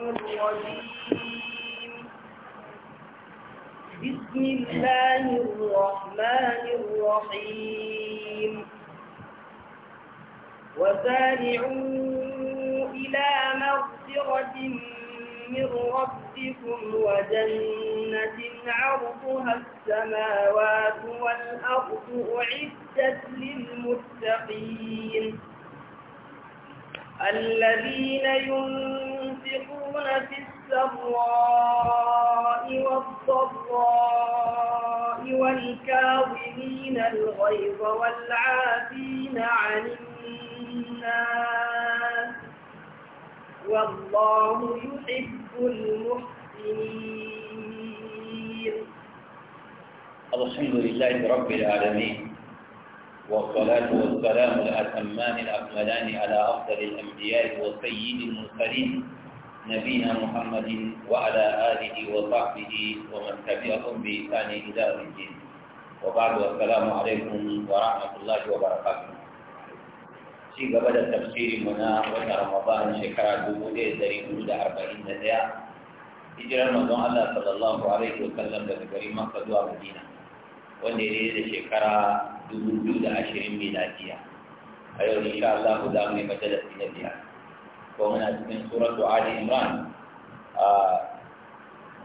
الرجيم بسم الله الرحمن الرحيم وسارعوا إلى مغفرة من ربكم وجنة عرضها السماوات والأرض أعدت للمتقين الذين ينفقون ينفقون في السراء والضراء والكاظمين الغيظ والعافين عن الناس والله يحب المحسنين الحمد لله رب العالمين والصلاة والسلام الأتمان الأكملان على أفضل الأنبياء وسيد المرسلين نبينا محمد وعلى آله وصحبه ومن تبعهم بإحسان إلى يوم الدين وبعد والسلام عليكم ورحمة الله وبركاته شيء قبل التفسير منا وإن رمضان شكرا جمهوري الزريم مدى أربعين نزاع هجرة رمضان الله صلى الله عليه وسلم لتكريم مقصد وإن ونريد شكرا جمهوري عشرين ميلادية أيوة إن شاء الله دعوني مجلس نبيها ko muna cikin suratu ali imran a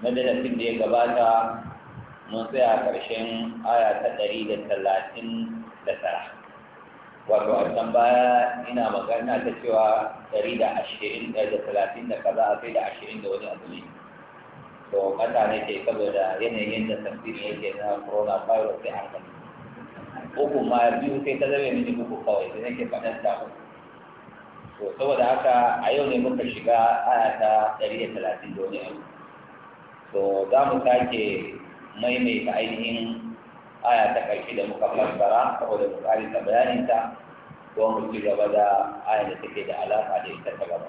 madalatin da ya gabata mun tsaya ƙarshen aya ta ɗari da talatin da tara wato a can baya ina magana ta cewa ɗari da ashirin ɗaya da talatin da kaza a kai da ashirin da wani abu ne to ƙasa ne ke saboda yanayin da tafsiri ke na corona virus sai hankali uku ma biyu sai ta zama mini uku kawai da nake faɗin ta uku to saboda haka a yau ne muka shiga aya ta ɗari da talatin da wani to za mu sake maimaita ainihin aya ta ƙarshe da muka fassara saboda mu ta bayaninta ko mu ci gaba da aya da take da alaƙa da ita ta gaba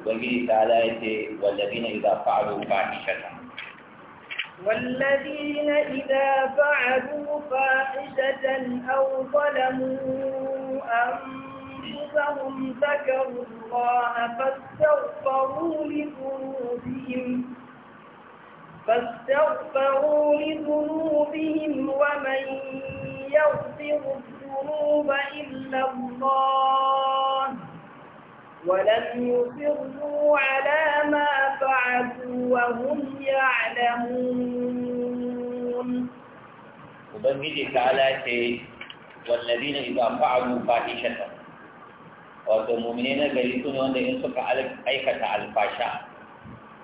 ubangiji ta ala ya ce wallazina idza fa'alu fahishatan والذين إذا فعلوا فاحشة أو ظلموا أنفسهم أنفسهم ذكروا الله فاستغفروا لذنوبهم فاستغفروا لذنوبهم ومن يغفر الذنوب إلا الله ولم يصروا على ما فعلوا وهم يعلمون وبنجي شيء والذين إذا فعلوا فاحشة wato mummune na gari su ne wanda in suka aikata alfasha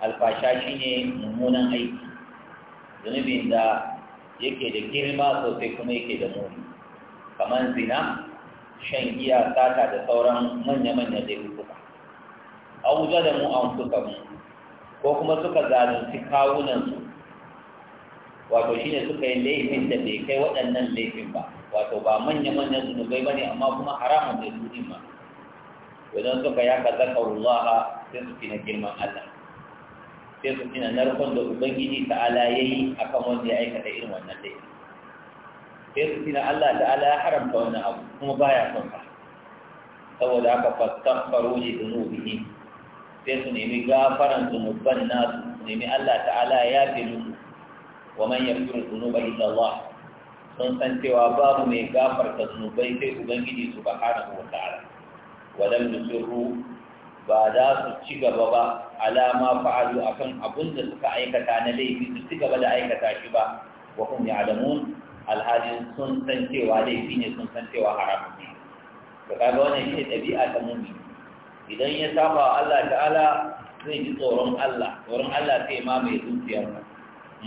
alfasha shi ne mummunan aiki zunubin da yake da girma sosai kuma yake da muni kamar zina shan giya sata da sauran manya-manya laifuka an da mu an suka mu ko kuma suka zalunci kawunansu wato shi ne suka yi laifin da bai kai waɗannan laifin ba wato ba manya manya zunubai ba ne amma kuma haramun da su ma idan suka ya ka zaka Allah sai su na girman Allah sai su na narkon da ubangiji ta'ala a kan wanda ya aikata irin wannan dai sai su tina Allah ta'ala ya haramta wani abu kuma ba ya son ba. saboda haka fastaghfaru li dhunubihim sai su nemi gafaran zunuban nasu nemi Allah ta'ala ya fi musu wa man yaghfiru dhunuba illa Allah sun san cewa babu mai gafarta zunubai sai ubangiji subhanahu wa ta'ala walam yusirru ba za su ci gaba ba alama fa'alu akan abin da suka aikata na laifi su ci gaba da aikata shi ba wa hum ya'lamun alhali sun san cewa laifi ne sun san cewa haram ne to kaga wannan shi ɗabi'a ta mu'min idan ya saba Allah ta'ala zai ji tsoron Allah tsoron Allah sai ma mai zuciyarsa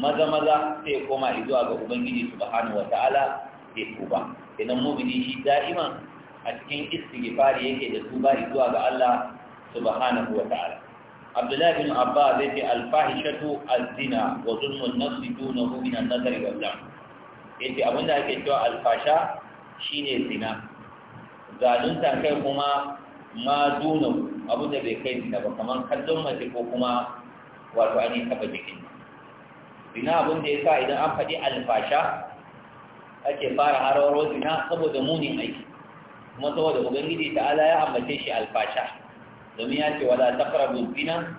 maza maza sai koma zuwa ga ubangiji subhanahu wataala sai tuba idan mu'mini shi da'iman a cikin istighfari yake da tuba zuwa ga Allah subhanahu wa ta'ala Abdullahi bin Abba zai ce alfahishatu az-zina wa zulmun nafsi dunahu min an-nazar wal lam yace abinda ake cewa alfasha shine zina zalunta kai kuma ma dunahu da bai kai zina ba kamar kallon mace ko kuma wato an taba jikin zina abinda ya sa idan an faɗi alfasha ake fara hararo zina saboda munin aiki kuma saboda ubangiji ala ya ambace shi alfasha domin ya ce wala taqrabu zina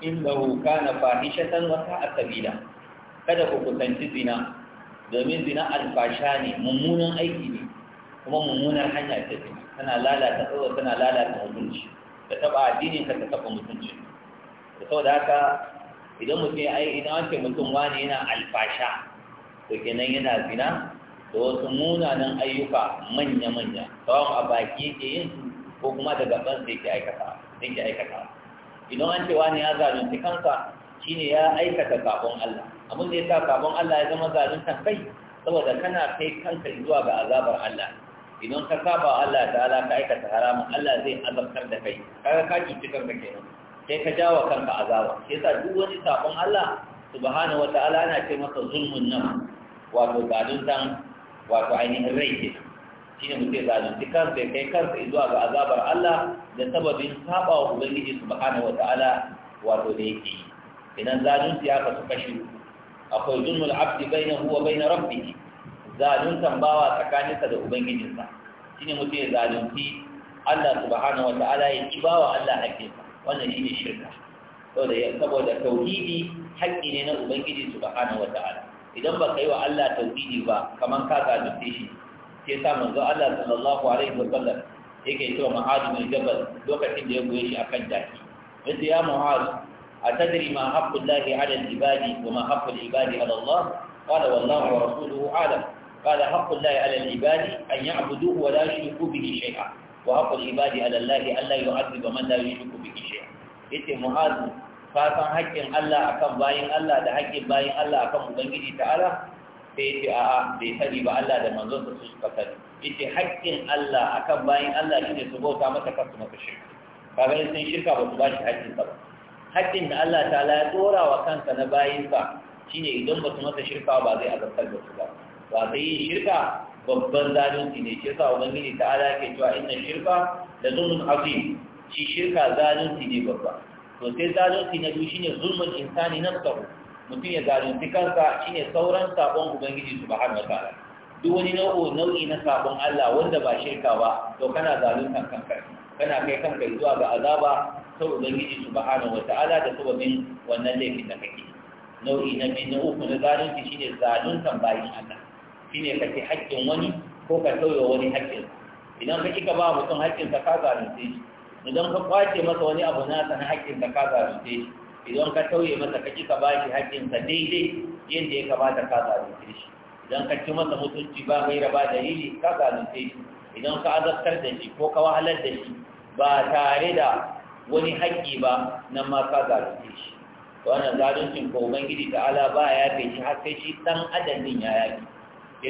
innahu kana fahishatan wa sa'a sabila kada ku kusanci zina domin zina alfasha ne mummunan aiki ne kuma mummunar hanya ce zina tana lalata tsoro tana lalata mutunci Ka taba addinin ka ta taba mutunci da saboda haka idan mutum ai idan an ce mutum wani yana alfasha to kenan yana zina da wasu munanan ayyuka manya-manya tsawon a baki yake yin su ko kuma daga ban da yake aikata yake aikata idan an ce wani ya zalunci kansa shine ya aikata sabon Allah abin da ya sa sabon Allah ya zama zalunta kai saboda kana kai kanka zuwa ga azabar Allah idan ka saba Allah ala ka aikata haramun Allah zai azabtar da kai kaga ka cuci kanka kenan sai ka jawo kanka azaba sai sa duk wani sabon Allah subhanahu wataala ana ce masa zulmun nan wato zaluntan wato ainihin rai ke shi ne mutum zalunci kansa ya kai kansa zuwa ga azabar Allah da sababin saba wa Ubangiji subhanahu wa ta'ala wato da yake yi idan zalunci ya kasu kashi akwai zulmul abdi bai na huwa bai na rabbih zaluntan bawa tsakaninsa da ubangijinsa shine mutum ya zalunci Allah su subhanahu wa ta'ala ya ci bawa Allah hakkinsa wannan ne shirka saboda saboda tauhidi haƙƙi ne na ubangiji su subhanahu wa ta'ala idan ba ka yi wa Allah tauhidi ba kaman ka zalunce shi sai sa manzo Allah sallallahu alaihi wa sallam yake cewa Mu'adh bin Jabal lokacin da ya goye shi akan jaki yace ya Mu'adh atadri ma haqqu Allahi 'ala al-ibadi wa ma haqqu al-ibadi 'ala Allah qala wallahu wa rasuluhu a'lam qala haqqu Allahi 'ala al-ibadi an ya'buduhu wa la yushriku bihi shay'a wa haqqu al-ibadi 'ala Allah an la yu'adhiba man la yushriku bihi shay'a yace Mu'adh ka san haƙƙin Allah akan bayin Allah da haƙƙin bayin Allah akan ubangiji ta'ala sai yace a'a bai sani ba Allah da manzonsa su suka sani yace haƙƙin Allah akan bayin Allah shine su bauta masa kasu masa shirka kaga in sun shirka ba su ba shi haƙƙin ba haƙƙin da Allah ta'ala ya tsora wa kansa na bayinsa shine idan ba su masa shirka ba zai azabtar da su ba ba sai yin shirka babban zalunci ne shi yasa ubangiji ta'ala ke cewa inna shirka da zulmun azim shi shirka zalunci ne babba to sai zalunci na biyu shine zulmul insani na tsaro. mutum ya zalunci kansa shine sauran sabon ubangiji subhanahu wataala duk wani nau'o nau'i na sabon Allah wanda ba shirka ba to kana zaluntan kanka kana kai kanka zuwa ga azaba ta ubangiji wata ala da sababin wannan laifin da kake nau'i na biyu na uku na zalunci shine zaluntan bayan Allah Shi ne kake haƙƙin wani ko ka tauye wani haƙƙin? idan ka kika ba mutum haƙƙinsa ka zalunce shi idan ka kwace masa wani abu na na haƙƙin ka ka zalunce shi idan ka tauye masa ka ka ba shi haƙƙin sa daidai yadda ya kamata ka zalunce shi idan ka ci masa mutunci ba gaira ba dalili ka zalunce shi idan ka azabtar da shi ko ka wahalar da shi ba tare da wani haƙƙi ba nan ma ka zalunce shi wannan zaluncin ko ubangiji ala ba ya yafe shi har sai shi dan adadin ya yafe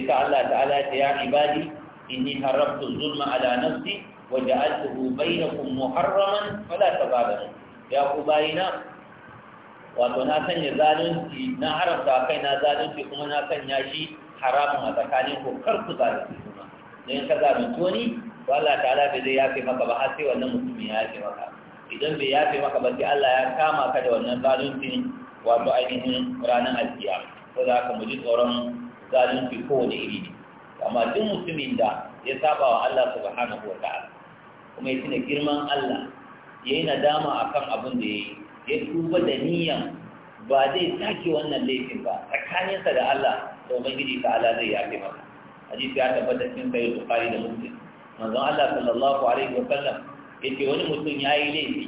sai Allah ta'ala ta ya ibadi inni harabtun zulma ala nafsi waja'altuhu bainakum ta fala tazalu ya ku na? wato na sanya zalunci na haramta kai na zalunci kuma na sanya shi haramun a tsakanin ku kar ku zalunci kuma dan ka zalunci wani to Allah ala bai zai yafe maka ba har sai wannan mutumin ya yafe maka idan bai yafe maka ba sai Allah ya kama ka da wannan zaluncin wato ainihin ranar alkiyama ko za ka muji tsoron zalunci kowane iri ne amma duk mutumin da ya saba wa Allah subhanahu wa ta'ala kuma ya tuna girman Allah ya yi nadama a kan abin da ya yi ya tuba da niyan ba zai sake wannan laifin ba tsakaninsa da Allah da ubangiji ta Allah zai yafe masa hadisi ya tabbata cikin sai bukhari da muslim manzon Allah sallallahu alaihi wa sallam yace wani mutum ya yi laifi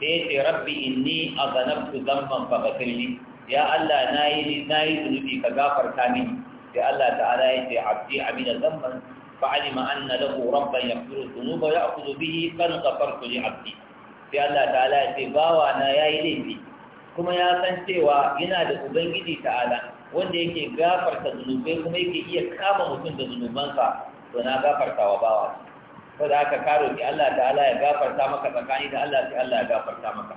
sai ya ce rabbi inni azanabtu dhanban faghfirli ya Allah na yi zunubi ka gafarta mini sai Allah ta'ala ya ce abdi amina dhanban فعلم أن له ربا يغفر الذنوب ويأخذ به فانغفرت لعبدي sai Allah ta'ala ya ce bawa na yi laifi kuma ya san cewa yana da ubangiji ala, wanda yake gafarta zunubai kuma yake iya kama mutum da zunubansa to na gafarta wa bawa ko da aka karo ki Allah ta'ala ya gafarta maka tsakani da Allah sai Allah ya gafarta maka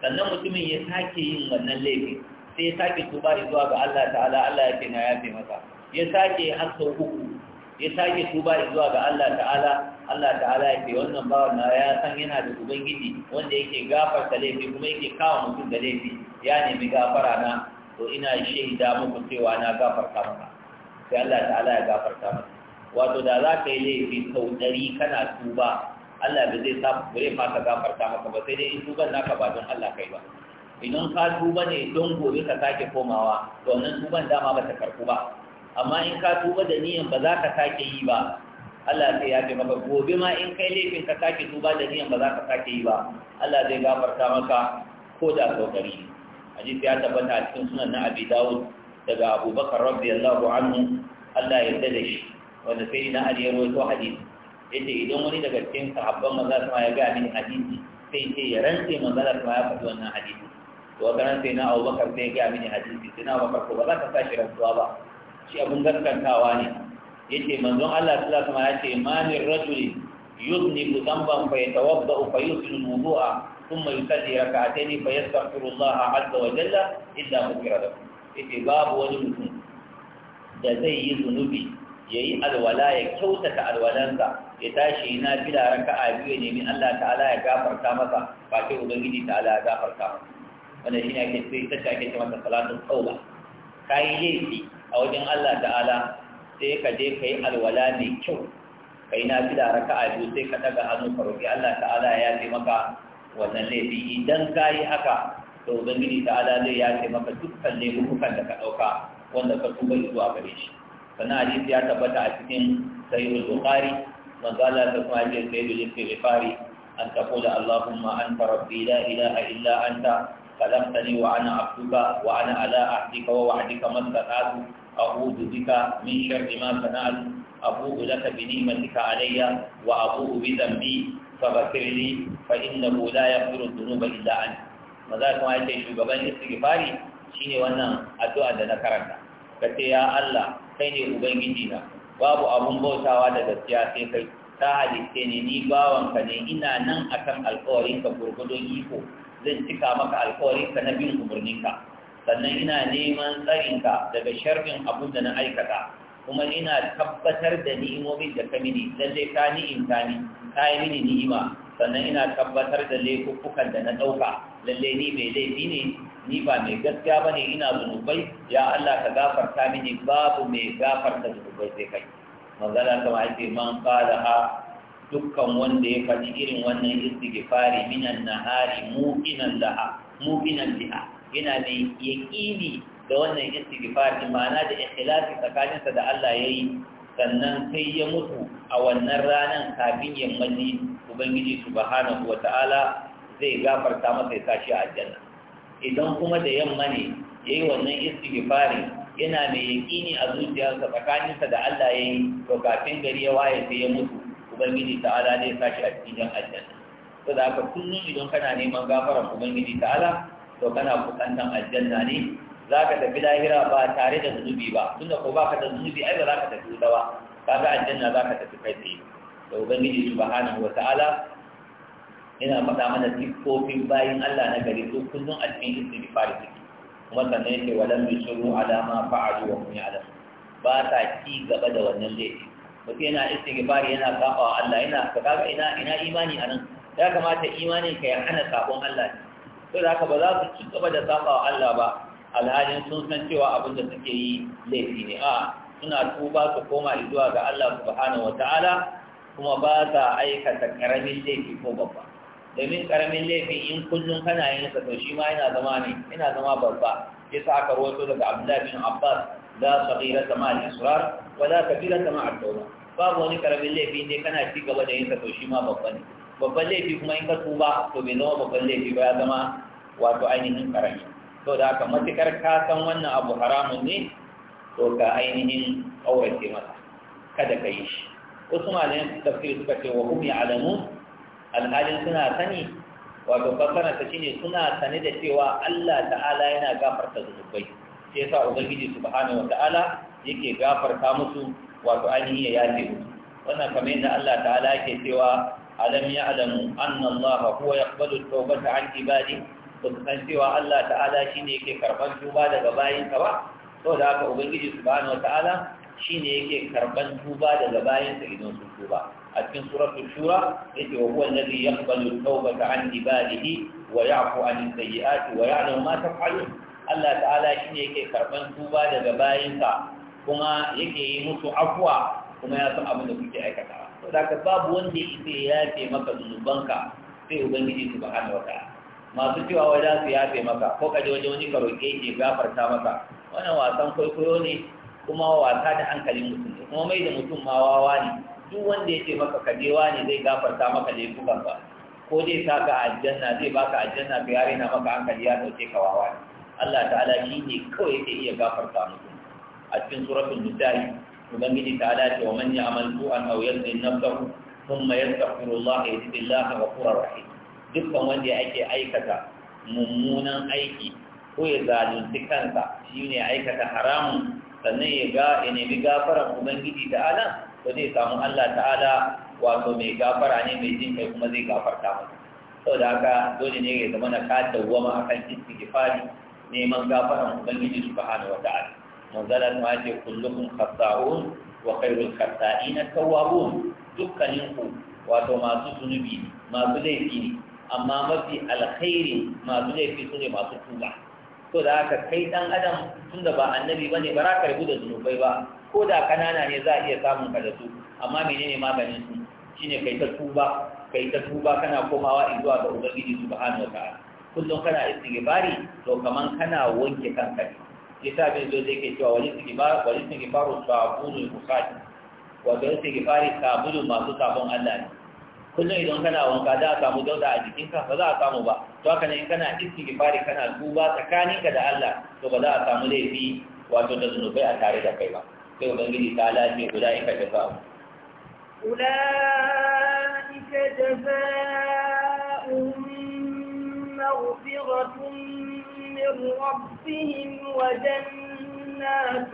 sannan mutumin ya sake yin wannan laifi sai ya sake tuba zuwa ga Allah ta'ala Allah ya ce na yafe masa ya sake har sau uku ya sake tuba zuwa ga Allah ta'ala Allah ta'ala ya ce wannan bawa na ya san yana da ubangiji wanda yake gafarta laifi kuma yake kawo mutum da laifi ya nemi gafara na to ina shaida muku cewa na gafarta maka sai Allah ta'ala ya gafarta maka wato da za ka yi laifi sau ɗari kana tuba Allah ba zai sa bare ma ka gafarta maka ba sai dai in tuban naka ba don Allah kai ba idan ka tuba ne don gobe ka sake komawa to wannan tuban dama ba ta karɓu ba amma in ka tuba da niyan ba za ka sake yi ba Allah sai ya fi maka gobe ma in kai laifin ka sake tuba da niyan ba za ka sake yi ba Allah zai gafarta maka ko da saukari hadisi ya tabbata a cikin sunan na Abi Dawud daga Abubakar radiyallahu anhu Allah ya yarda da shi wanda sai na Ali ya rawaito hadisi yace idan wani daga cikin sahabban maza sama ya ga mini hadisi sai ce ya rantse manzala kuma ya faɗi wannan hadisi to a garan sai na abubakar sai ya gaya mini hadisi sai na abubakar ko ba za ka sashi rantsuwa ba shi abin gaskantawa ne yace manzon Allah sallallahu alaihi wasallam yace manir rajuli yudnibu dhanban fa yatawadda fa yusinu wudu'a thumma yusalli rak'atayn fa yastaghfiru Allah 'azza wa jalla illa ghufira Ya yace babu wani mutum da zai yi zunubi yayi alwala ya kyautata alwalansa ya tashi na bila raka'a biyu ne min Allah ta'ala ya gafarta masa ba sai ubangiji ta'ala ya gafarta masa wannan shine ake sai ta ake ce masa salatu tauba kai laifi a wajen Allah ta'ala sai ka je ka yi alwala mai kyau ka yi na fi da raka a biyu sai ka daga hannu ka Allah ta'ala ya fi maka wannan laifi idan ka yi haka to ubangiji ta'ala zai ya fi maka dukkan laifukan da ka ɗauka wanda ka tuba zuwa gare shi sannan hadisi ya tabbata a cikin sahihul bukhari manzo Allah ta kuma ce sayyidul istighfari an taqula allahumma anta rabbi la ilaha illa anta kalamtani wa ana abduka wa ana ala ahdika wa wahdika man sanatu a'udhu bika min sharri ma sanatu abu'u laka bi ni'matika alayya wa abu'u bi dhanbi fa bakirni fa innahu la yaghfiru dhunuba illa anta maza kuma yake shugaban istighfari shine wannan addu'a da na karanta kace ya Allah kai ne ubangiji na babu abun bautawa da gaskiya sai kai ta halitte ni ni bawanka ne ina nan akan alƙawarin ka gurgudo iko zan cika maka alkawarinka na bin umarninka sannan ina neman tsarinka daga sharfin abin da na aikata kuma ina tabbatar da ni'imomin da ka mini lallai ka ni'imta ni ka yi mini ni'ima sannan ina tabbatar da laifukan da na ɗauka lallai ni mai laifi ne ni ba mai gaskiya ba ne ina zunubai ya Allah ka gafarta mini babu mai gafarta zunubai sai kai manzala kama ake man fara ha dukkan wanda ya faɗi irin wannan istighfari minan nahari muqinan laha muqinan biha yana da yaqini da wannan istighfari ma'ana da ikhlasi tsakaninsa da Allah yayi sannan sai ya mutu a wannan ranan kafin yammaci ubangiji subhanahu wata'ala zai gafarta masa ya sashi a aljanna idan kuma da yamma ne yayi wannan istighfari yana mai yaqini a zuciyarsa tsakaninsa da Allah yayi to kafin gari ya waye sai ya mutu ubangiji ta'ala zai sa shi a cikin aljanna to da haka kullum idan kana neman gafara ubangiji ta'ala to kana bukantan aljanna ne za ka tafi lahira ba tare da zunubi ba tunda ko baka da zunubi ai ba za ka tafi dawa ka ga aljanna za ka tafi kai tsaye To ubangiji subhanahu wa ta'ala yana faɗa mana siffofin bayin Allah na gari su kullum a cikin istighfar suke kuma sannan yake walam yusiru ala ma fa'alu wa hum ba ta ci gaba da wannan laifi mutum yana istighfari yana saba wa Allah yana ka kaga ina ina imani a nan ya kamata imanin ka ya hana sabon Allah to da haka ba za su ci gaba da saba wa Allah ba alhalin sun san cewa abin da suke yi laifi ne a suna tuba su koma zuwa ga Allah subhanahu wataala kuma ba ta aikata karamin laifi ko babba domin karamin laifi in kullum kana yin sa to shi ma yana zama ne yana zama babba yasa aka rawaito daga Abdullah bin Abbas la saghira ma al-israr wa la kabira ma al-tawba babu wani karamin laifi ne kana ci gaba da yin sa to shi ma babban ne babban laifi kuma in ka tuba to bai zama babban laifi ba ya zama wato ainihin karami to da haka matukar ka san wannan abu haramun ne to ka ainihin aurace masa kada ka yi shi wasu malayan tafsir suka ce wa hum ya'lamu alhalin suna sani wato fassara ta shine suna sani da cewa Allah ta'ala yana gafarta zunubai sai yasa ubangiji subhanahu wa ta'ala yake gafarta musu wato ainihi ya yafe wannan kamar yadda Allah ta'ala yake cewa alam ya'lamu anna Allah huwa yaqbalu tawbata an ibadi to san cewa Allah ta'ala shine yake karban tuba daga bayinsa ba saboda haka ubangiji subhanahu wata'ala shine yake karban tuba daga bayinsa idan sun tuba a cikin suratul shura yace wa huwa alladhi yaqbalu tawbata an ibadihi wa ya'fu an sayyi'ati wa ya'lamu ma taf'alun Allah ta'ala shine yake karban tuba daga bayinsa kuma yake yi musu afuwa kuma ya san abin da kuke aikata to da ka babu wanda yake ya ce maka zunubanka sai ubangiji su ba hana wata masu cewa wai su yafe maka ko ka je waje wani ka roƙe shi gafarta maka wannan wasan kwaikwayo ne kuma wasa da hankalin mutum ne kuma mai da mutum ma wawa ne duk wanda ya ce maka ka je wani zai gafarta maka da laifukan ba ko zai sa ka aljanna zai baka aljanna ka yare maka hankali ya dauke ka wawa Allah ta'ala shi ne kawai yake iya gafarta mutum a cikin suratul nisa'i ubangiji ta ala ce wa man ya'mal su'an aw yazlim nafsahu thumma yastaghfirullah yajidillaha ghafurur rahim dukkan wanda ake aikata mummunan aiki ko ya zalunci kansa shine aikata haramun sannan ya ga ya nemi gafaran ubangiji ta ala ko zai samu Allah ta'ala wato mai gafara ne mai jin kai kuma zai gafarta masa saboda haka dole ne ya zama na ka dawwama akan istighfari neman gafaran ubangiji subhanahu wata'ala manzala ta ce kullukum khata'un wa khairul khata'ina tawwabun dukkanin ku wato masu zunubi masu laifi ne amma mafi alkhairi masu laifi su ne masu tuba Ko da ka kai dan adam tunda ba annabi bane ba za ka rubuta da zunubai ba ko da kanana ne za a iya samun ka da su amma menene maganin su shine kai ta tuba kai ta tuba kana komawa zuwa ga ubangiji subhanahu wataala kullum kana istighfari to kaman kana wanke kanka ne kita bin zo zai ke cewa wajen sigifar wani sigifaru sabulu bukhari wajen wani sigifari sabulu masu sabon Allah ne kullum idan kana wanka za a samu dauda a jikinka ba za a samu ba to haka ne kana istighfari kana tuba tsakaninka da Allah to ba za a samu laifi wato da zunubai a tare da kai ba sai ubangiji ta lafi da jaza'u ulaika jaza'u مغفرة من ربهم وجنات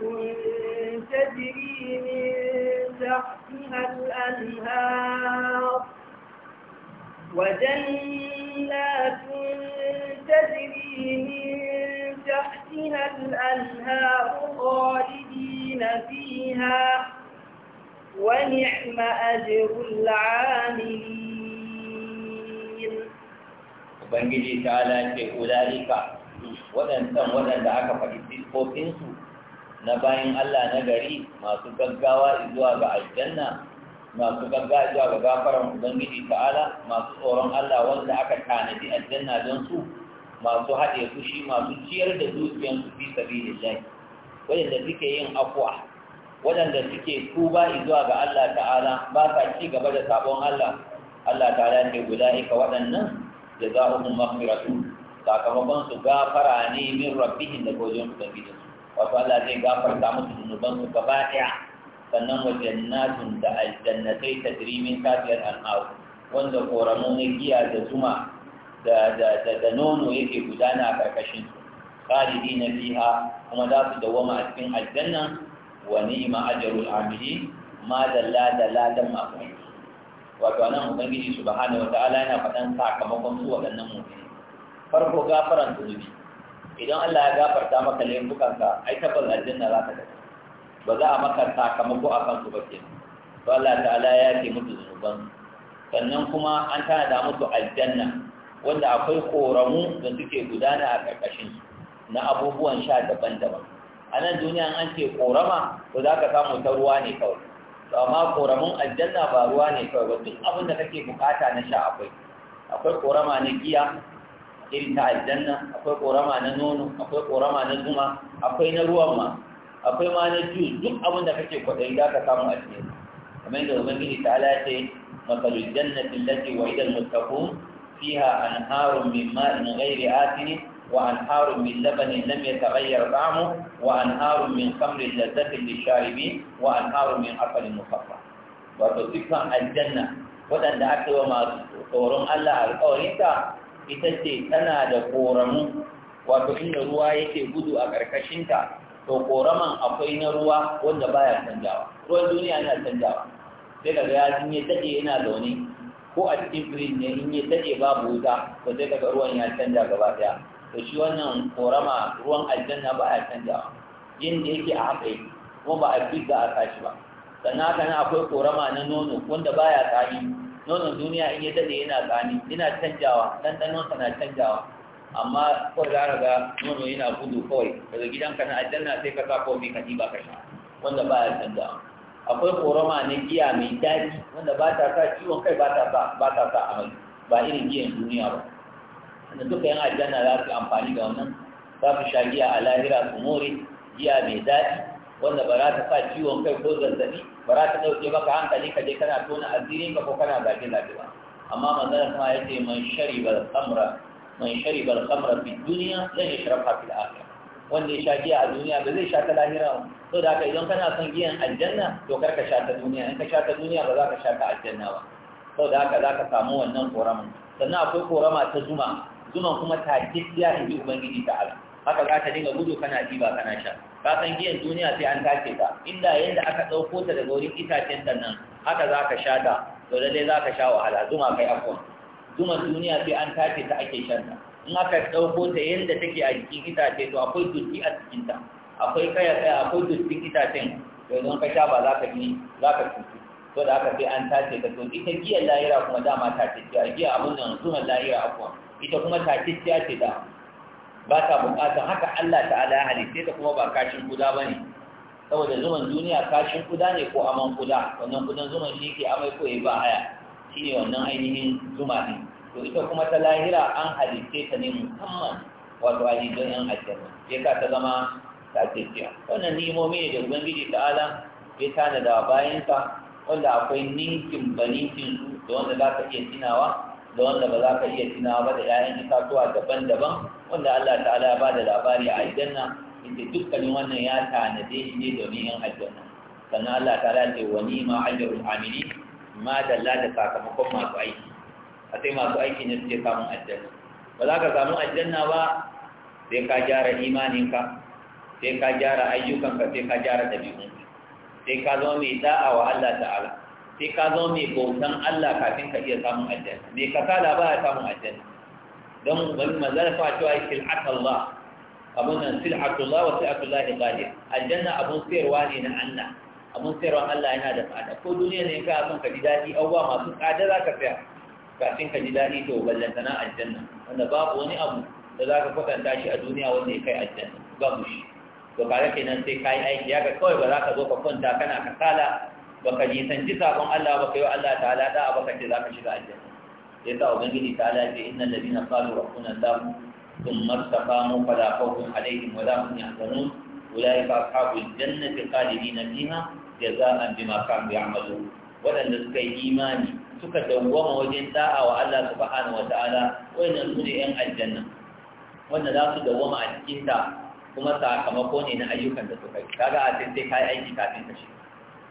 تجري من تحتها الأنهار وجنات تجري من تحتها الأنهار خالدين فيها ونعم أجر العاملين وبنجي تعالى أولئك waɗancan waɗanda aka faɗi siffofinsu na bayan Allah na gari masu gaggawa zuwa ga aljanna masu gaggawa zuwa ga gafaran Ubangiji ta'ala masu tsoron Allah wanda aka tanadi aljanna don su masu haɗe fushi masu ciyar da dukiyansu fi sabilillah waɗanda suke yin afuwa, waɗanda suke tuba zuwa ga Allah ta'ala ba sa ci gaba da sabon Allah Allah ta'ala ne guda ika waɗannan jaza'uhum maghfiratun sakamakon su gafara ne min rabbihim da gojin ubangijin wato Allah zai gafarta musu zunuban su gaba daya sannan wa jannatun da aljannatai tajri min tahtiha al-anhar wanda koramu na giya da zuma da da nono yake gudana a karkashin su na fiha kuma za su dawama a cikin aljanna wa ni'ma ajrul amilin ma dalla dalla da ma wato nan ubangiji subhanahu wataala yana faɗan sakamakon su waɗannan mu'mini farko gafaran zunubi idan Allah ya gafarta maka laifukanka ai tabbas aljanna za ka tafi ba za a maka ko a su ba ke to Allah ta'ala ya ce mutu zunuban sannan kuma an tana da musu aljanna wanda akwai koramu da suke gudana a karkashin na abubuwan sha daban-daban a nan duniya an ce korama to za ka samu ta ruwa ne kawai to amma koramun aljanna ba ruwa ne kawai ba duk abin da kake bukata na sha akwai akwai korama na giya irin ta aljanna akwai ƙorama na nono akwai ƙorama na zuma akwai na ruwan ma akwai ma na juice duk abin da kake kwaɗayi za ka samu a cikin kamar yadda ubangiji ta ala ce Janna, jannati allati wa'ida al-muttaqun an harun min ma'in Gairi asin wa an harun min labanin lam yataghayyar ta'amu wa an harun min Kamri, lazzatin lisharibin wa an harun min aqalin musaffa wato dukkan aljanna waɗanda aka yi wa masu tsoron Allah alƙawarinta ita ce tana da ƙoramu. wato inda ruwa yake gudu a ƙarƙashinta to ƙoraman akwai na ruwa wanda baya canjawa ruwan duniya yana canjawa sai kaga ya in ya daɗe yana zaune ko a cikin firin ne in ya daɗe babu wuta to sai kaga ruwan ya canja gaba ɗaya to shi wannan ƙorama ruwan aljanna baya canjawa yin da yake a haka kuma ba a fi a tashi ba sannan haka nan akwai ƙorama na nono wanda baya tsami nonon duniya in ya dade yana gani yana canjawa ɗanɗanonsa na canjawa amma kawai za ga nono yana gudu kawai daga gidanka na aljanna sai ka sa kofi ka ɗiba ka sha wanda ba ya canjawa akwai koroma na giya mai daɗi wanda ba ta sa ciwon kai ba ta sa ba ta sa amai ba irin giyan duniya ba wanda duka yan aljanna za su amfani da wannan za su sha giya a lahira su more giya mai daɗi wanda ba za ta sa ciwon kai ko zazzaɓi ba za ta ɗauke ba ka hankali ka je kana tona asirin ka ko kana zage zage ba amma manzon kuma ya ce man sharibal khamra man sharibal khamra fi dunya la yashrabu fil akhirah wanda ya sha giya a duniya ba zai sha ta lahira ba. to da haka idan kana son giyan aljanna to kar ka sha ta duniya in ka sha ta duniya ba za ka sha ta aljanna ba to da haka za ka samu wannan korama sannan akwai korama ta zuma zuma kuma ta jiddiya in ji ubangiji ta'ala haka za ka dinga gudu kana ji ba kana sha ka san giyan duniya sai an tace ta inda yanda aka ɗauko ta daga wurin itacen ta nan haka za ka sha da to dai za ka sha wahala zuma kai afon zuma duniya sai an tace ta ake shan ta in aka ɗauko ta yanda take a jikin itace to akwai dutti a cikin ta akwai kaya kaya akwai dutti itacen to idan ka sha ba za ka yi, za ka cutu to da aka sai an tace ta to ita giyan lahira kuma dama tace ce a giya abun nan zuman lahira afon ita kuma tace ce da. ba ta bukata haka Allah ta'ala ya halitta ta kuma ba kashin kuda ba ne saboda zuman duniya kashin kuda ne ko aman kuda wannan kudan zuman shi ke amai ko ya ba haya shi ne wannan ainihin zuma ne to ita kuma ta lahira an halitta ta ne musamman wato ainihin yan aljanna ya ka ta zama tafiya wannan nimomi ne da ubangiji ta'ala ya tanada bayansa wanda akwai ninkin baninkin su da wanda za ka iya tinawa da wanda ba za ka iya tinawa ba da 'ya'yan itatuwa daban-daban wanda Allah ta'ala ya bada labari a aljanna inda dukkanin wannan ya tanade shi ne domin yan aljanna sannan Allah ta'ala ce wa ni ma ajrul amili ma dalla da sakamakon masu aiki a sai masu aiki ne suke samun aljanna ba za ka samu aljanna ba sai ka gyara imaninka sai ka gyara ayyukanka sai ka gyara ɗabi'unka sai ka zama mai da'a wa Allah ta'ala sai ka zama mai bautan Allah kafin ka iya samun aljanna mai kasala ba ya samun aljanna don wani manzara fa cewa ya sil'at Allah abun nan sil'atullah wa sil'atullah ghaliya aljanna abun sayarwa ne na Allah abun sayarwa Allah yana da tsada ko duniya ne ka son ka ji dadi abuwa masu tsada za ka saya kafin ka ji dadi to ballanta na aljanna wanda babu wani abu da za ka kwatanta shi a duniya wanda ya kai aljanna babu shi to kare kenan sai kai aiki ya ga kawai ba za ka zo ka kwanta kana kasala baka ji san ji sabon Allah baka yi wa Allah ta'ala da baka ce za ka shiga aljanna yasa ubangiji ta ala ce innal ladina qalu rabbuna allah thumma istaqamu fala khawfun alaihim wala hum yahzanun ulaika ashabul jannati khalidina fiha jazaan bima kanu ya'malun wadanda suka yi imani suka dawwama wajen da'a wa Allah subhanahu wata'ala wayannan su ne yan aljanna wanda za su dawwama a cikin ta kuma sakamako ne na ayyukan da suka yi kaga a sai kai aiki kafin ka shi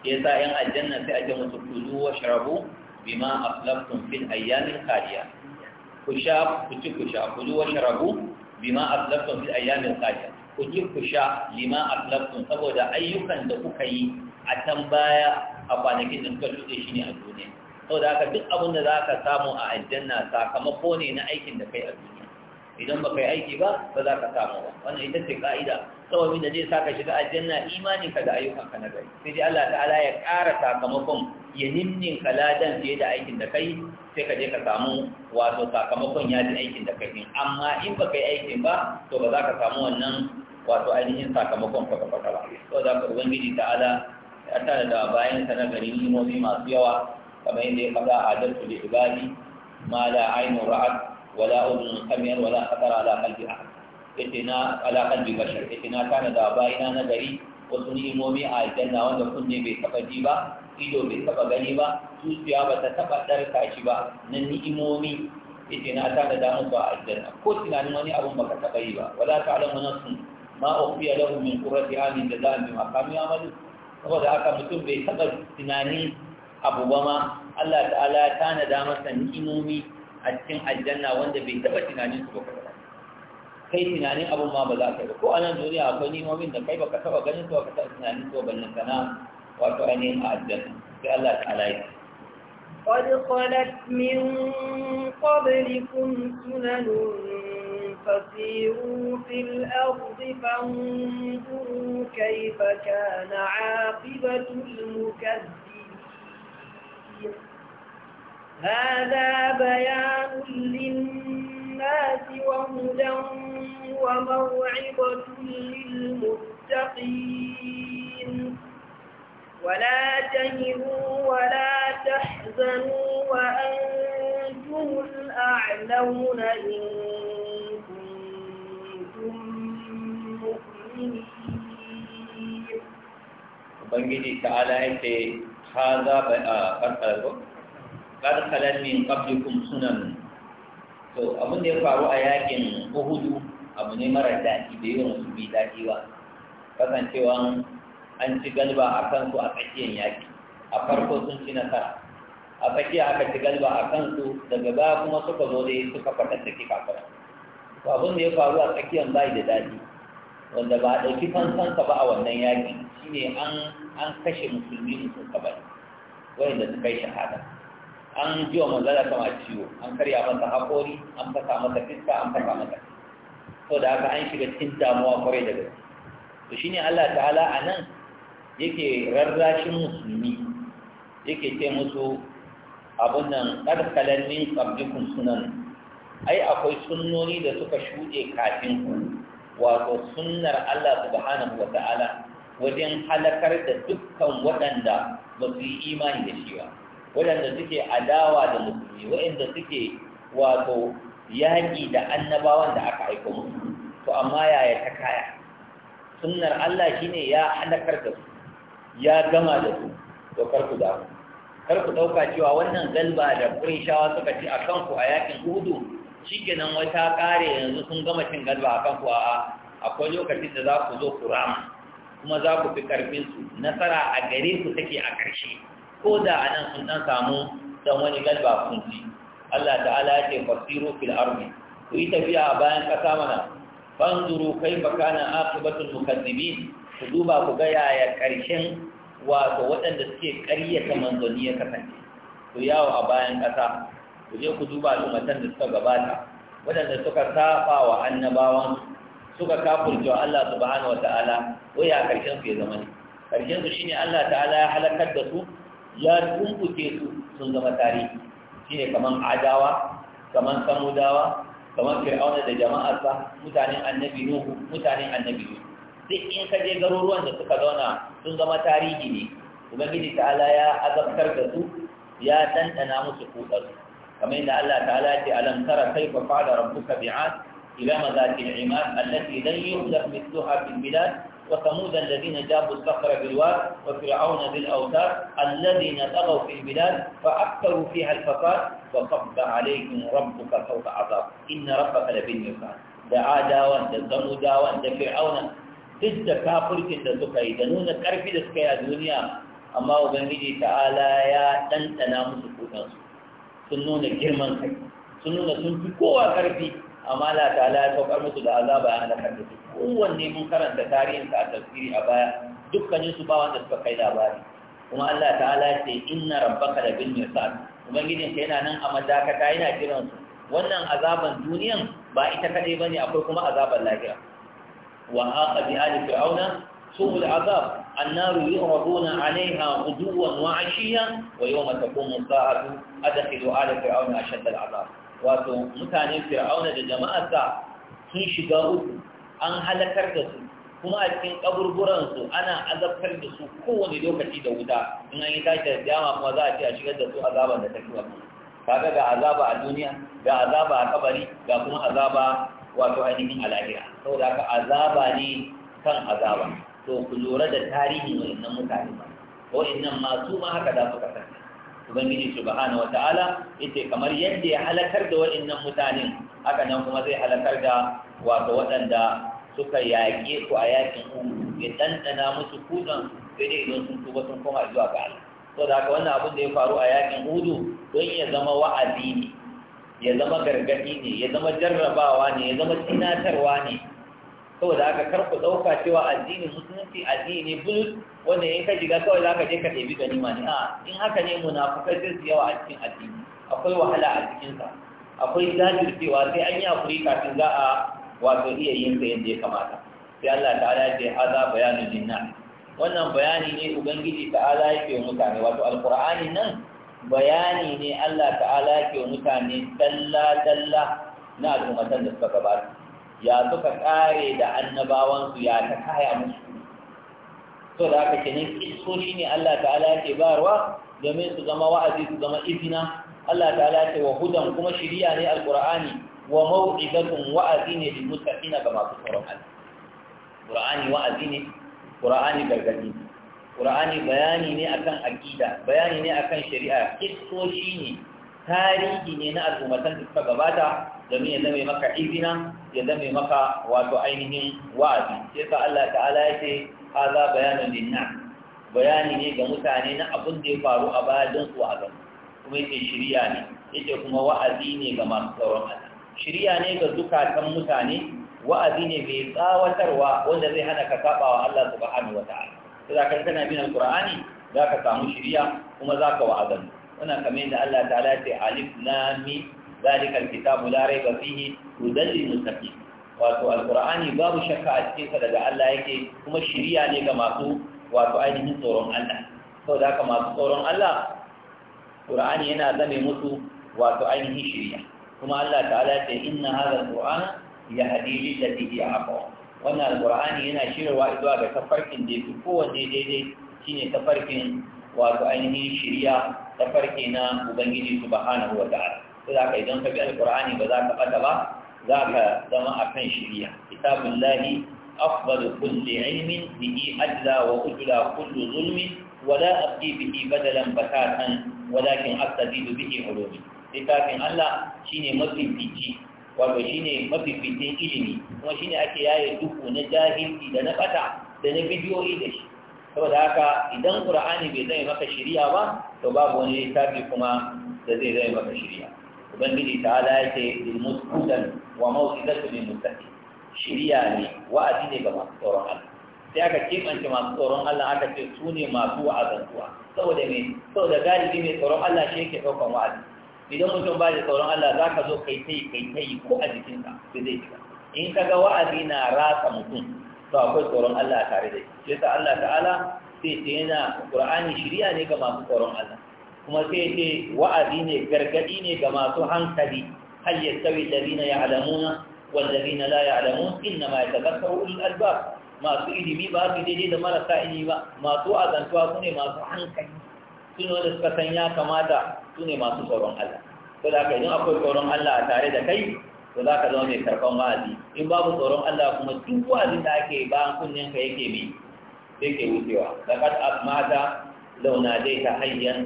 yasa yan aljanna sai a ce musu kulu wa sharabu bima aflaftum fil ayyamin qaliya ku sha ku ci ku sha ku ji wa sharabu bima aflaftum fil ayyamin qaliya ku ci ku sha lima aflaftum saboda ayyukan da kuka yi a can baya a kwanakin da suka shuɗe shi ne a duniya saboda haka duk abin da za ka samu a aljanna sakamako ne na aikin da kai a duniya idan ba kai aiki ba ba za ka samu ba wannan ita ce ka'ida sababi da zai saka shiga aljanna imanin ka da ayyukan ka na gari sai dai Allah ta'ala ya ƙara sakamakon ya nimnin ladan fiye da aikin da kai sai ka je ka samu wato sakamakon ya ji aikin da kai amma in ba kai aikin ba to ba za ka samu wannan wato ainihin sakamakon kwata ba to za ka ubangiji ta'ala ya tare da bayan sa na gari nimomi masu yawa kamar yadda ya faɗa a dalilin ibadi ma da ainu ra'at wala udun samiyar wala khatara ala qalbi ahad yace na alaƙar bi bashar yace na tana da bayina na gari wasu ni'imomi a aljanna wanda kunne bai taɓa ji ba ido bai taɓa gani ba zuciya ba ta taba ɗarka shi ba na ni'imomi yace na tana da musu a aljanna ko tunanin wani abun ka taɓa yi ba wala ta alamu sun ma ukhfiya lahu min qurrati amin da za za'an bi maqami amalu saboda haka mutum bai taɓa tunanin abu ba ma Allah ta'ala tana da masa ni'imomi a cikin aljanna wanda bai taɓa tunanin su ba kai tunanin abun ma ba za ka yi ko a nan duniya akwai nimomin da kai baka taba ganin su baka taba tunanin su ballan kana wato ainihin a aljanna sai Allah ta'ala ya قد خلت من قبلكم سنن فسيروا في الأرض فانظروا كيف كان عاقبة المكذبين هذا بيان للناس الناس وهدى وموعظة للمتقين ولا تهنوا ولا تحزنوا وأنتم الأعلون إن كنتم مؤمنين Ubangiji ta'ala ya ce, "Ha za ba a ƙarƙarko, ƙarƙarar min ƙafikun sunan to abin da ya faru a yakin uhudu abu ne mara daɗi da yawan su bi daɗi ba kasancewa an ci galba a kansu a tsakiyar yaki a farko sun ci nasara a tsakiya aka ci galba a kansu daga ba kuma suka zo dai suka fatattaki kakara to abin da ya faru a tsakiyar bai da daɗi wanda ba a ɗauki fansansa ba a wannan yaƙi shine an an kashe musulmi musulka bai wanda suka yi shahada an ji wa manzala kama ciwo an karya masa haƙori an fasa masa fiska an fasa masa to da haka an shiga cikin damuwa kwarai da gaske to shine Allah ta'ala anan yake rarrashin musulmi yake ce musu abun nan kadkalan min sunan ai akwai sunnoni da suka shuɗe kafin ku wato sunnar Allah subhanahu wa ta'ala wajen halakar da dukkan waɗanda ba su yi imani da shi ba waɗanda suke adawa da musulmi waɗanda suke wato yaƙi da annabawan da aka aiko musu to amma yaya ta kaya sunnar Allah shine ya halakar da su ya gama da su to kar ku damu kar ku ɗauka cewa wannan galba da ƙurishawa suka ci a kanku a yakin hudu shikenan wata ƙare yanzu sun gama cin galba a kanku a akwai lokacin da za ku zo ku rama kuma za ku fi ƙarfinsu nasara a gare ku take a ƙarshe ko da a nan sun ɗan samu don wani galba kunci Allah ta'ala ya ce fasiru fil Armi. ku yi tafiya a bayan ƙasa mana Ban fanzuru kai baka bakana akibatul mukazzibin ku duba ku ga yaya ƙarshen wato waɗanda suke ƙaryata manzanni ya kasance ku yawo a bayan ƙasa ku je ku duba al'ummatan da suka gabata waɗanda suka saba wa annabawan suka kafurce wa Allah subhanahu wa ta'ala waya ƙarshen su ya zama ne ƙarshen su shine Allah ta'ala ya halakar da su ya tumbuke su sun zama tarihi shi ne kamar adawa kamar samudawa kamar fir'auna da jama'arsa mutanen annabi nuhu mutanen annabi nuhu duk in ka je garuruwan da suka zauna sun zama tarihi ne ubangiji ta'ala ya azabtar da su ya dandana musu kudar kamar yadda Allah ta'ala ya ce alam tara kaifa fa'ala rabbuka bi'ad ila mazatil imad allati lam yukhlaq mithluha fil bilad وثمود الذين جابوا الصخر بالواد وفرعون بالأوتاد الذين طغوا في البلاد فأكثروا فيها الفساد وصب عليهم ربك صوت عذاب إن ربك لبالمرصاد da adawan da zamudawan da fir'auna duk da kafirkin da suka yi da nuna ƙarfi da suka yi a duniya amma ubangiji ta'ala ya ɗanɗana musu kudansu sun nuna girman kai sun nuna kowa ƙarfi amma Allah ta'ala ya saukar musu da azaba ya halakar da su kowanne mun karanta tarihinsa a tafsiri a baya dukkanin su ba wanda suka kai labari kuma Allah ta'ala ya ce inna rabbaka la bil mirsad ubangijin ka yana nan a madakata yana kiran su wannan azaban duniyan ba ita kadai bane akwai kuma azaban lahira wa aqa bi ali fir'auna su'ul azab annaru yu'raduna 'alayha ghuduwan wa 'ashiyan wa yawma taqumu as-sa'atu adkhilu ala fir'auna a al-'adab wato mutane fir'auna da jama'arsa sun shiga uku an halakar da su kuma a cikin kaburburansu ana azabtar da su kowane lokaci da wuta in an yi tashi da dama kuma za a ce a shigar da su azaban da ta fi kaga ga azaba a duniya ga azaba a kabari ga kuma azaba wato ainihin al'ahira saboda haka azaba ne kan azaba to ku lura da tarihin wa'annan mutane ba wa'annan masu ma haka za su kasance ubangiji subhanahu wataala yace kamar yadda ya halakar da waɗannan mutanen haka nan kuma zai halakar da wato waɗanda suka yaƙe ku a yakin ku ya ɗanɗana musu kudan sai dai idan sun tuba sun koma zuwa ga Allah to da haka wannan abin da ya faru a yakin Udu don ya zama wa'azi ne ya zama gargadi ne ya zama jarrabawa ne ya zama tinatarwa ne saboda aka karku ɗauka cewa addinin musulunci addini ne bulus wanda in ka shiga kawai za ka je ka gani ma ne A'a in haka ne munafukai sai su yawa a cikin addini akwai wahala a cikinsa akwai jajircewa sai an yi hakuri kafin za a wato iya yin sa yadda ya kamata sai Allah ta'ala ce haza bayanin jinna wannan bayani ne ubangiji ta'ala ya ke mutane wato alqur'ani nan bayani ne Allah ta'ala ya ke mutane dalla dalla na al'ummatan da suka gabata ya suka kare da annabawansu ya ta kaya musu So da haka kenan shi ne Allah ta'ala ke barwa domin su zama wa'azi su zama izina Allah ta'ala ce wa hudan kuma shiriya ne alqur'ani wa mau'izatun wa'azi ne lil muttaqina ga masu tsoron Allah qur'ani wa'azi ne qur'ani gargadi qur'ani bayani ne akan aqida bayani ne akan shari'a shi ne tarihi ne na al'ummatan da suka gabata domin ya zame maka izina ya zame maka wato ainihin wa'azi sai ka Allah ta'ala ya ce haza bayanin linna bayani ne ga mutane na abin da ya faru a bayan su a gaba kuma yake shirya ne yake kuma wa'azi ne ga masu sauran Allah shirya ne ga zukatan mutane wa'azi ne mai tsawatarwa wanda zai hana ka saba wa Allah subhanahu wata'ala sai za ka kana bin alqur'ani za ka samu shirya kuma za ka wa'azan wannan kamar yadda Allah ta'ala ya ce alif lam mim ذلك الكتاب لا ريب فيه هدى للمتقين wato alqur'ani babu shakka a cikin sa daga Allah yake kuma shiriya ne ga masu wato ainihin tsoron Allah saboda haka masu tsoron Allah qur'ani yana zame musu wato ainihin shiriya kuma Allah ta'ala ce inna hadha alqur'ana yahdi lil lati hiya aqwa wannan alqur'ani yana shirwa zuwa ga tafarkin da yake kowanne daidai shine tafarkin wato ainihin shiriya tafarki na ubangiji subhanahu wa ta'ala sai da ka idan ka bi alkur'ani ba za ka bata ba za ka zama a kan shirya kitabun lahi kulle kulli ilmin bihi adla wa ujla kullu zulmi wala abdi bihi badalan batatan walakin astazidu bihi ulumi littafin Allah shine mafifici wato shine mafificin ilimi kuma shine ake yaye duhu na jahilci da na bata da na bidiyoyi da shi saboda haka idan qur'ani bai zai maka shiriya ba to babu wani littafi kuma da zai zai maka shiriya ubangiji ta ya ce lil wa mawqidatu lil muttaqin shiriya ne wa'azi ne ga masu tsoron Allah sai aka kimanta masu tsoron Allah aka ce su ne masu wa'azantuwa saboda me saboda galibi mai tsoron Allah shi yake daukan wa'azi idan mutum ba da tsoron Allah za ka zo kai tai kai tai ko a jikinka sai zai shiga in ka ga wa'azi na ratsa mutum to akwai tsoron Allah tare da shi sai Allah ta'ala sai ce yana Qur'ani shiriya ne ga masu tsoron Allah kuma sai ce wa'azi ne gargadi ne ga masu hankali hal yastawi alladhina ya'lamuna wanda zina la ya'lamun innama yatadhakkaru ulul alba masu ilimi ba su daidai da marasa ilimi ba masu azantuwa su ne masu hankali su ne wanda suka san ya kamata su ne masu tsoron Allah ko da haka idan akwai tsoron Allah a tare da kai to za ka zama mai karɓar wa'azi in babu tsoron Allah kuma duk wa’azi da ake bayan kunnen ka yake mai yake wucewa laqad mata launa dai ta hanyar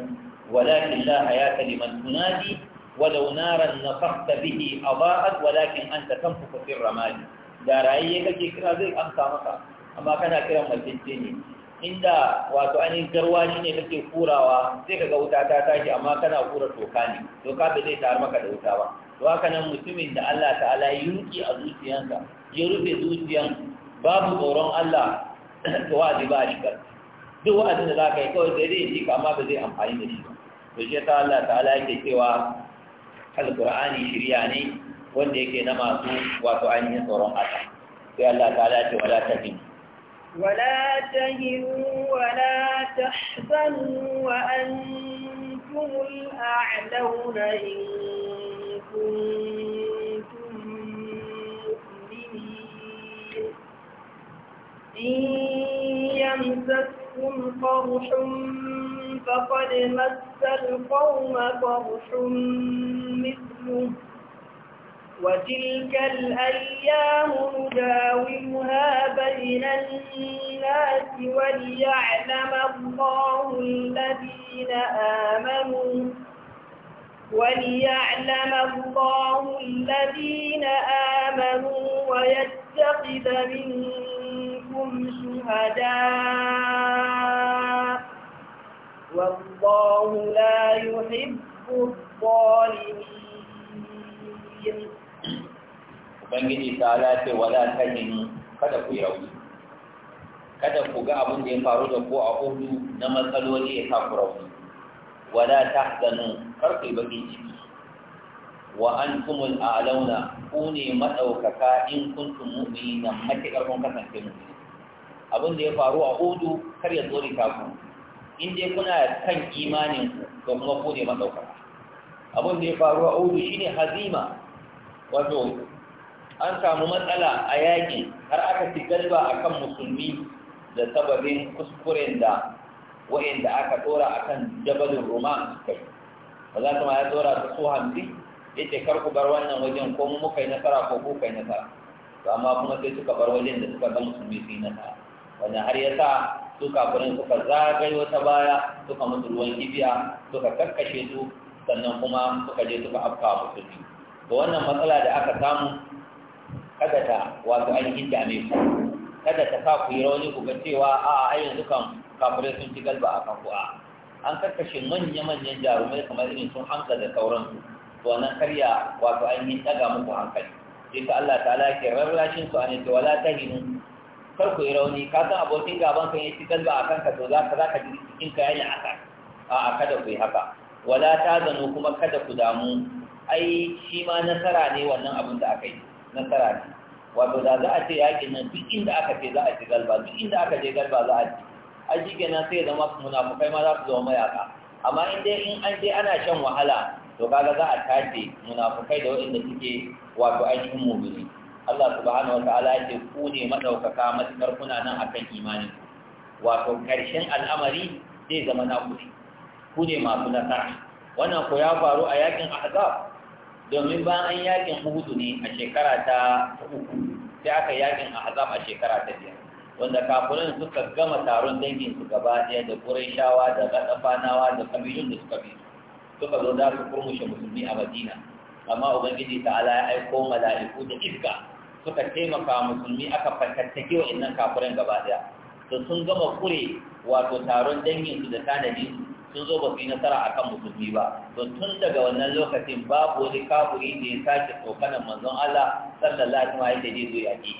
ولكن لا حياة لمن تنادي ولو نارا نفخت به أضاءت ولكن أنت تنفخ في الرماد da rayi kake kira zai amsa maka amma kana kiran malince ne inda wato ainihin garwashi ne kake kurawa sai kaga wuta ta tashi amma kana kura toka ne toka ba zai tayar maka da wuta ba to nan mutumin da Allah ta'ala ya yunki a zuciyansa ya rufe zuciyan babu tsoron Allah to wa'azi ba a duk wa'azin da za ka yi kawai zai zai ji amma ba zai amfani da shi ba to shi yasa Allah ta'ala yake cewa alqur'ani shiriya ne wanda yake na masu wato ainihin tsoron Allah sai Allah ta'ala ce wala ta tahinu wala ta tahinu wala ta tahzanu wa an al-a'launa in kuntum mu'minin in yamsaskum qarhun faqad mass مس القوم فرح مثله وتلك الأيام نداومها بين الناس وليعلم الله الذين آمنوا وليعلم الله الذين آمنوا ويتخذ منكم شهداء والله لا يحب الظالمين Ubangiji ta lafi wala ta yini kada ku yi kada ku ga abin da ya faru da ku a hudu na matsaloli ya sa ku rauni, wala ta zanu karfi bakin ciki, wa an kumul a launa ku ne maɗaukaka in kuntum mu'mini na matuƙar kun kasance mu. Abin da ya faru a hudu kar ya tsori ku, in dai kuna kan imanin to kuma ku ne madaukaka abin da ya faru a Udu shine hazima wato an samu matsala a yaƙi har aka ci galba akan musulmi da sababin kuskuren da wa'inda aka tsora akan jabalin Roma suka ba za ya tsora su su hamsin ya ce kar ku bar wannan wajen ko mu kai nasara ko ku kai nasara to amma kuma sai suka bar wajen da suka ga musulmi su yi nasara wannan har ya sa su kafirin suka zagayo ta baya suka musu ruwan kibiya suka karkashe su sannan kuma suka je suka afka musulmi to wannan matsala da aka samu kada ta wato ainihin dame ku kada ta sa ku yi rauni ku ga cewa a a yanzu kan kafirai sun ci galba a kan ku a an karkashe manya-manyan jarumai kamar irin sun hanka da sauransu to wannan karya wato ainihin daga muku hankali sai Allah Allah ta'ala ke rarrashin su a ne ta wala hinu kar ku yi rauni ka san abokin gaban kan ya ci galba a kanka to za ka za ka ji cikin ka yayi asar a kada ku yi haka wala ta zanu kuma kada ku damu ai shi ma nasara ne wannan abin da aka yi nasara ne wato da za a ce yakin nan duk inda aka ce za a ci galba duk inda aka je galba za a ci ai shi kenan sai zama munafukai ma za su zama mayaka amma in dai in an je ana shan wahala to kaga za a tace munafukai da waɗanda suke wato ainihin mumini Allah subhanahu wa ta'ala ya ce ku ne madaukaka matukar kuna nan akan imani wato karshen al'amari zai zama na ku ne ku ne masu nasara wannan ko ya faru a yakin ahzab domin ba an yakin hudu ne a shekara ta uku sai aka yakin ahzab a shekara ta biyar wanda kafirin suka gama taron dangin su gaba ɗaya da quraishawa da gatsafanawa da kabilun da suka bi suka zo za su kurmushe musulmi a madina amma ubangiji ta'ala ya aiko mala'iku da iska suka taimaka musulmi aka fantattake innan kafiran gaba daya to sun gama kure wato taron dangin su da tanadi sun zo ba su yi nasara a kan musulmi ba to tun daga wannan lokacin babu wani kafiri da ya sake tsokanan manzon Allah sallallahu alaihi wa sallam ya zo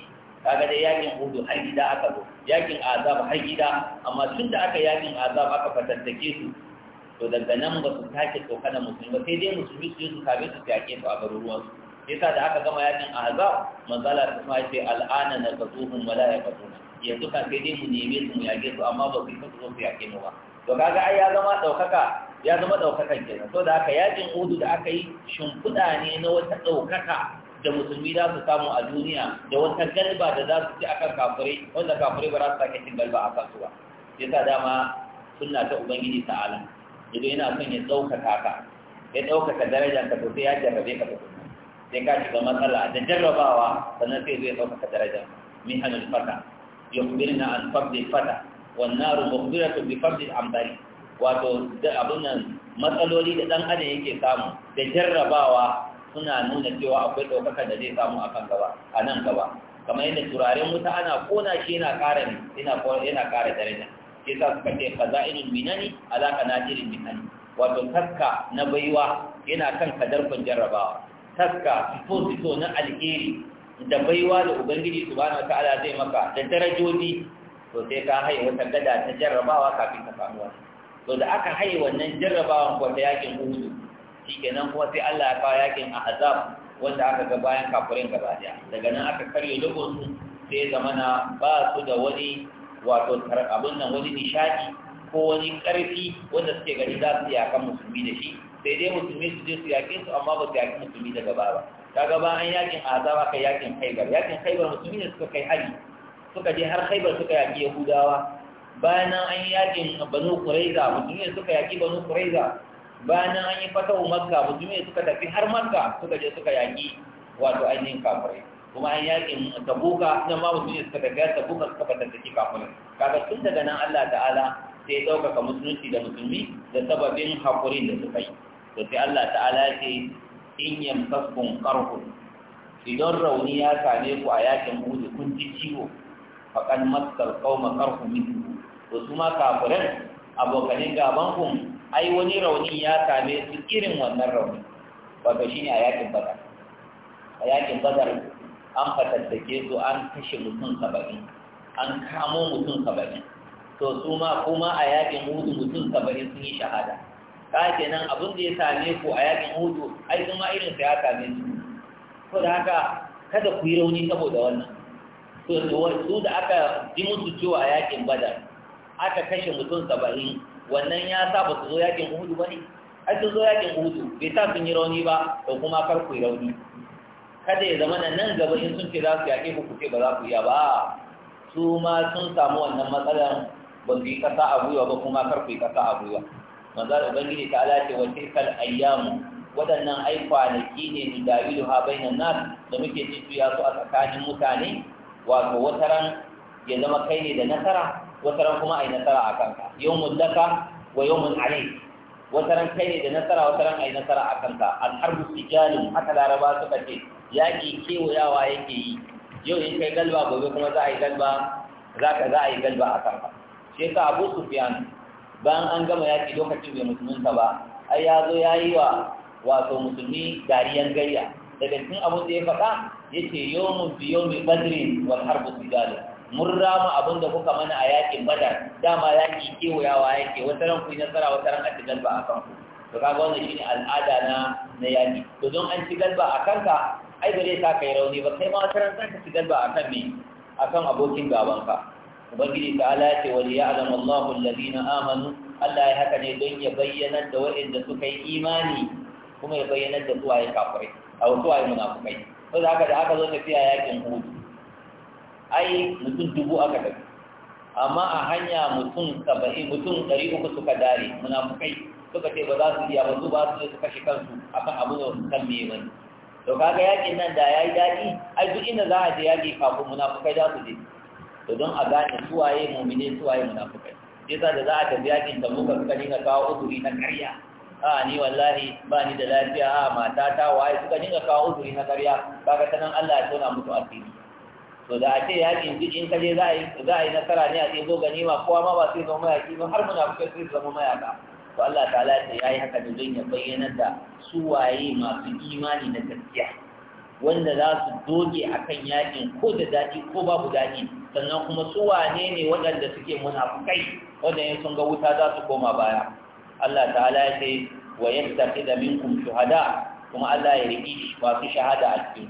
kaga dai yakin hudu har gida aka zo yakin azab har gida amma tun da aka yakin azab aka fantattake su to daga nan ba su sake tsokanan musulmi ba sai dai musulmi su yi su kabe su yake su a garuruwansu yasa da aka gama yakin ahzab manzala ta kuma ce al'ana na fasuhun wala ya kasu yanzu kan sai dai mu neme su mu yage su amma ba su yi kasu su yage mu ba to kaga ai ya zama ɗaukaka ya zama ɗaukakan kenan to da aka yakin udu da aka yi shimfiɗa ne na wata ɗaukaka da musulmi za su samu a duniya da wata galba da za su ci akan kafirai wanda kafirai ba za su sake cin galba a kansu ba yasa dama sunna ta ubangiji ta'ala idan yana son ya ɗaukaka ka ya ɗaukaka darajar ka to sai ya jarrabe ka tukuna sai ka shiga matsala da jarrabawa sannan sai zai ɗaukaka daraja mihanul fata yukhbirna an fadli fata wannan naru mukhbiratu bi fadli amdari wato da abin nan matsaloli da dan adam yake samu da jarrabawa suna nuna cewa akwai ɗaukaka da zai samu a kan gaba a nan gaba kamar yadda turaren wuta ana kona shi yana ƙara yana ƙara daraja sai sa suka ce khaza'inul minani ala qanatiril minani wato taska na baiwa yana kan kadarkun jarrabawa taska fito-fito na alheri da baiwa da ubangiji subhanahu wataala zai maka da darajoji to sai ka haye wata gada ta jarrabawa kafin ka samu wani to da aka haye wannan jarrabawan ko ta yakin uhudu shikenan kuma sai Allah ya kawo yakin azab wanda aka ga bayan kafirin gaba daya daga nan aka karye su sai zamana ba su da wani wato abin nan wani nishaɗi ko wani ƙarfi, wanda suke gani za su yakan musulmi da shi sai dai musulmi su je su yaƙe su amma ba su yaƙi musulmi daga baya ba kaga ba an yaƙin azaba kai yaƙin haibar yaƙin haibar musulmi ne suka kai hari suka je har haibar suka yaƙi yahudawa bayan nan an yaƙin banu quraiza musulmi ne suka yaƙi banu quraiza bayan nan an yi fatahu makka musulmi ne suka tafi har makka suka je suka yaƙi wato ainihin kafirai kuma an yaƙin tabuka na ma musulmi suka tafi har tabuka suka fatattaki kafirai kaga tun daga nan Allah ta'ala sai ɗaukaka musulunci da musulmi da sababin haƙurin da suka yi to Allah ta'ala ce in yamsaskum qarhu idan rauni ya same ku a yakin hudu kun ji ciwo faƙan massal qauma qarhu mithlu to su ma kafiran abokanin gaban ku ai wani rauni ya same su irin wannan rauni wato ne a yakin Badar a yakin Badar an fatattake su an kashe mutum saba'in an kamo mutum saba'in to su ma kuma a yakin hudu mutum saba'in sun yi shahada ka ke nan, abin da ya same ku a yakin hudu ai kuma irin sa ya same su ko da haka kada ku yi rauni saboda wannan to su da aka ji musu cewa a yakin badar aka kashe mutum saba'in wannan ya sa ba su zo yakin hudu ba ne ai sun zo yakin hudu bai sa sun yi rauni ba to kuma kar ku yi rauni kada ya zama da nan gaba in sun ce za su yaƙe ku ku ce ba za ku iya ba su ma sun samu wannan matsalar ba su yi ƙasa a gwiwa ba kuma kar ku yi ƙasa a gwiwa manzar ubangiji ta ala ce wa tilkal ayyamu waɗannan ai kwanaki ne mu dawidu ha bainan nas da muke jujjuya su a tsakanin mutane wato wata ran ya zama kai ne da nasara wata ran kuma ai nasara a kanka mu laka wa ali Wata ran kai ne da nasara wata ran ai nasara a kanka al-harbu sijalun haka laraba suka ce yaƙi kewayawa yake yi yau in kai galba gobe kuma za a yi galba za ka za a yi galba a kanka shi yasa abu sufyan bayan an gama yaƙi lokacin bai musulunta ba ai ya zo ya yi wa wato musulmi dariyan gayya daga cikin abin da ya faɗa ya ce yomu biyo mai badri wal harbu sigali mun rama abin da kuka mana a yaƙin badar dama yaƙi kewayawa yake wata ran ku yi nasara wata ran a ci galba a kanku to kaga wannan shine al'ada na na yaƙi to don an ci galba a kanka ai ba zai sa kai rauni ba kai ma wata ran za ci galba a kan me a kan abokin gabanka ubangiji ta ala ce wani ya alama allahu lalina amanu allah ya haka ne don ya bayyana da waɗanda suka yi imani kuma ya bayyana da su ya kafirai a wasu waye munafukai ko da haka da aka zo fiya yakin hudu ai mutum dubu aka tafi amma a hanya mutum saba'in mutum ɗari uku suka dare munafukai suka ce ba za su iya ba su ba su su kashe kansu akan abu da kan me wani to kaga yakin nan da yayi daɗi ai duk inda za a je yaƙi kafin munafukai za su je to don a gane suwaye mumine suwaye munafukai sai sa da za a tafi yakin da muka suka dinga kawo uzuri na karya a ni wallahi ba ni da lafiya a mata ta waye suka dinga kawo uzuri na karya kaga ta nan Allah ya tona musu asiri to da a ce yakin duk in je za a yi za a yi nasara ne a ce zo ganima kowa ma ba sai zo mayaki ba har munafukai sai zama mayaka to Allah ta'ala ya ce yayi haka da don ya bayyana da suwaye masu imani na gaskiya wanda za su doge akan yakin ko da daɗi ko babu daɗi sannan kuma su wane ne waɗanda suke munafukai waɗanda sun ga wuta za su koma baya Allah ta'ala ya ce wa yattakhidha minkum shuhada kuma Allah ya riki masu shahada a cikin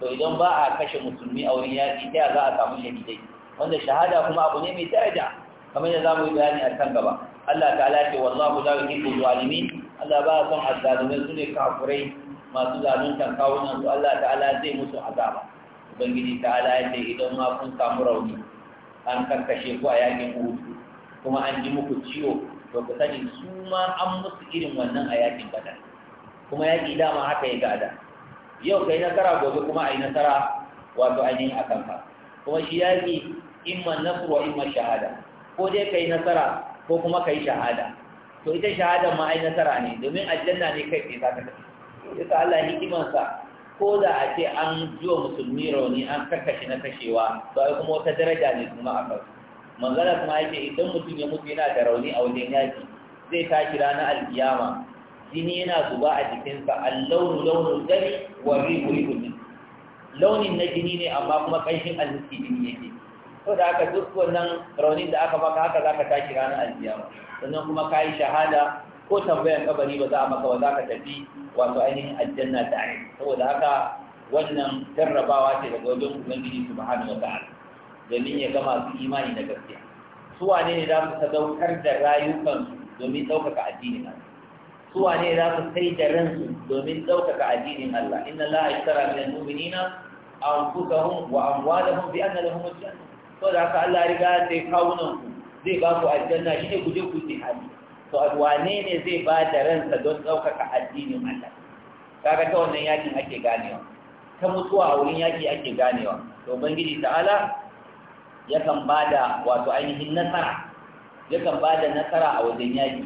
to idan ba a kashe musulmi a wurin yaƙi ta za a samu shahidai wanda shahada kuma abu ne mai daraja kamar yadda zamu yi bayani a kan gaba Allah ta'ala ya ce wallahu la yuhibbu zalimin Allah ba a son azzalumin su ne kafurai masu zaluntan kawunan su Allah ta'ala zai musu azaba ubangiji ta ala ya ce idan ma kun samu rauni an karkashe ku a yakin hudu kuma an ji muku ciwo to ku sani su ma an musu irin wannan a yakin badar kuma yaki dama haka ya gada yau kai nasara gobe kuma ai nasara wato ainihin a kanka kuma shi yaki imma nasru wa imma shahada ko dai kai nasara ko kuma kai shahada to ita shahada ma ai nasara ne domin aljanna ne kai ke za ka tafi yasa Allah hikimansa ko da a ce an jiwa musulmi rauni an kakashe na kashewa to kuma wata daraja ne kuma a kansu manzala kuma yake idan mutum ya mutu yana da rauni a wajen yaki zai tashi ranar alkiyama jini yana zuba a jikinsa allaunu launin dare wa rihu rihu launin na jini ne amma kuma ƙanshin almiski jini yake to da aka duk wannan raunin da aka baka haka za ka tashi ranar alkiyama sannan kuma ka yi shahada ko tambayar kabari ba za a maka ba za ka tafi wato ainihin aljanna tare saboda haka wannan jarrabawa ce daga wajen ubangiji subhanahu wa ta'ala domin ya gama su imani na gaskiya su wane ne za su sadaukar da rayukansu domin ɗaukaka addinin Allah su wane ne za su sai da ransu domin ɗaukaka addinin Allah inna la ishtara min al-mu'minina anfusahum wa amwalahum bi anna lahum al-janna saboda haka Allah ya riga sai kawunan ku zai ba ku aljanna shi ne ku je ku yi hali to wane ne zai ba da ransa don ɗaukaka addinin Allah kaga ta wannan yakin ake ganewa ta mutuwa a wurin yaki ake ganewa to bangiji ta'ala yakan da wato ainihin nasara yakan bada nasara a wajen yaki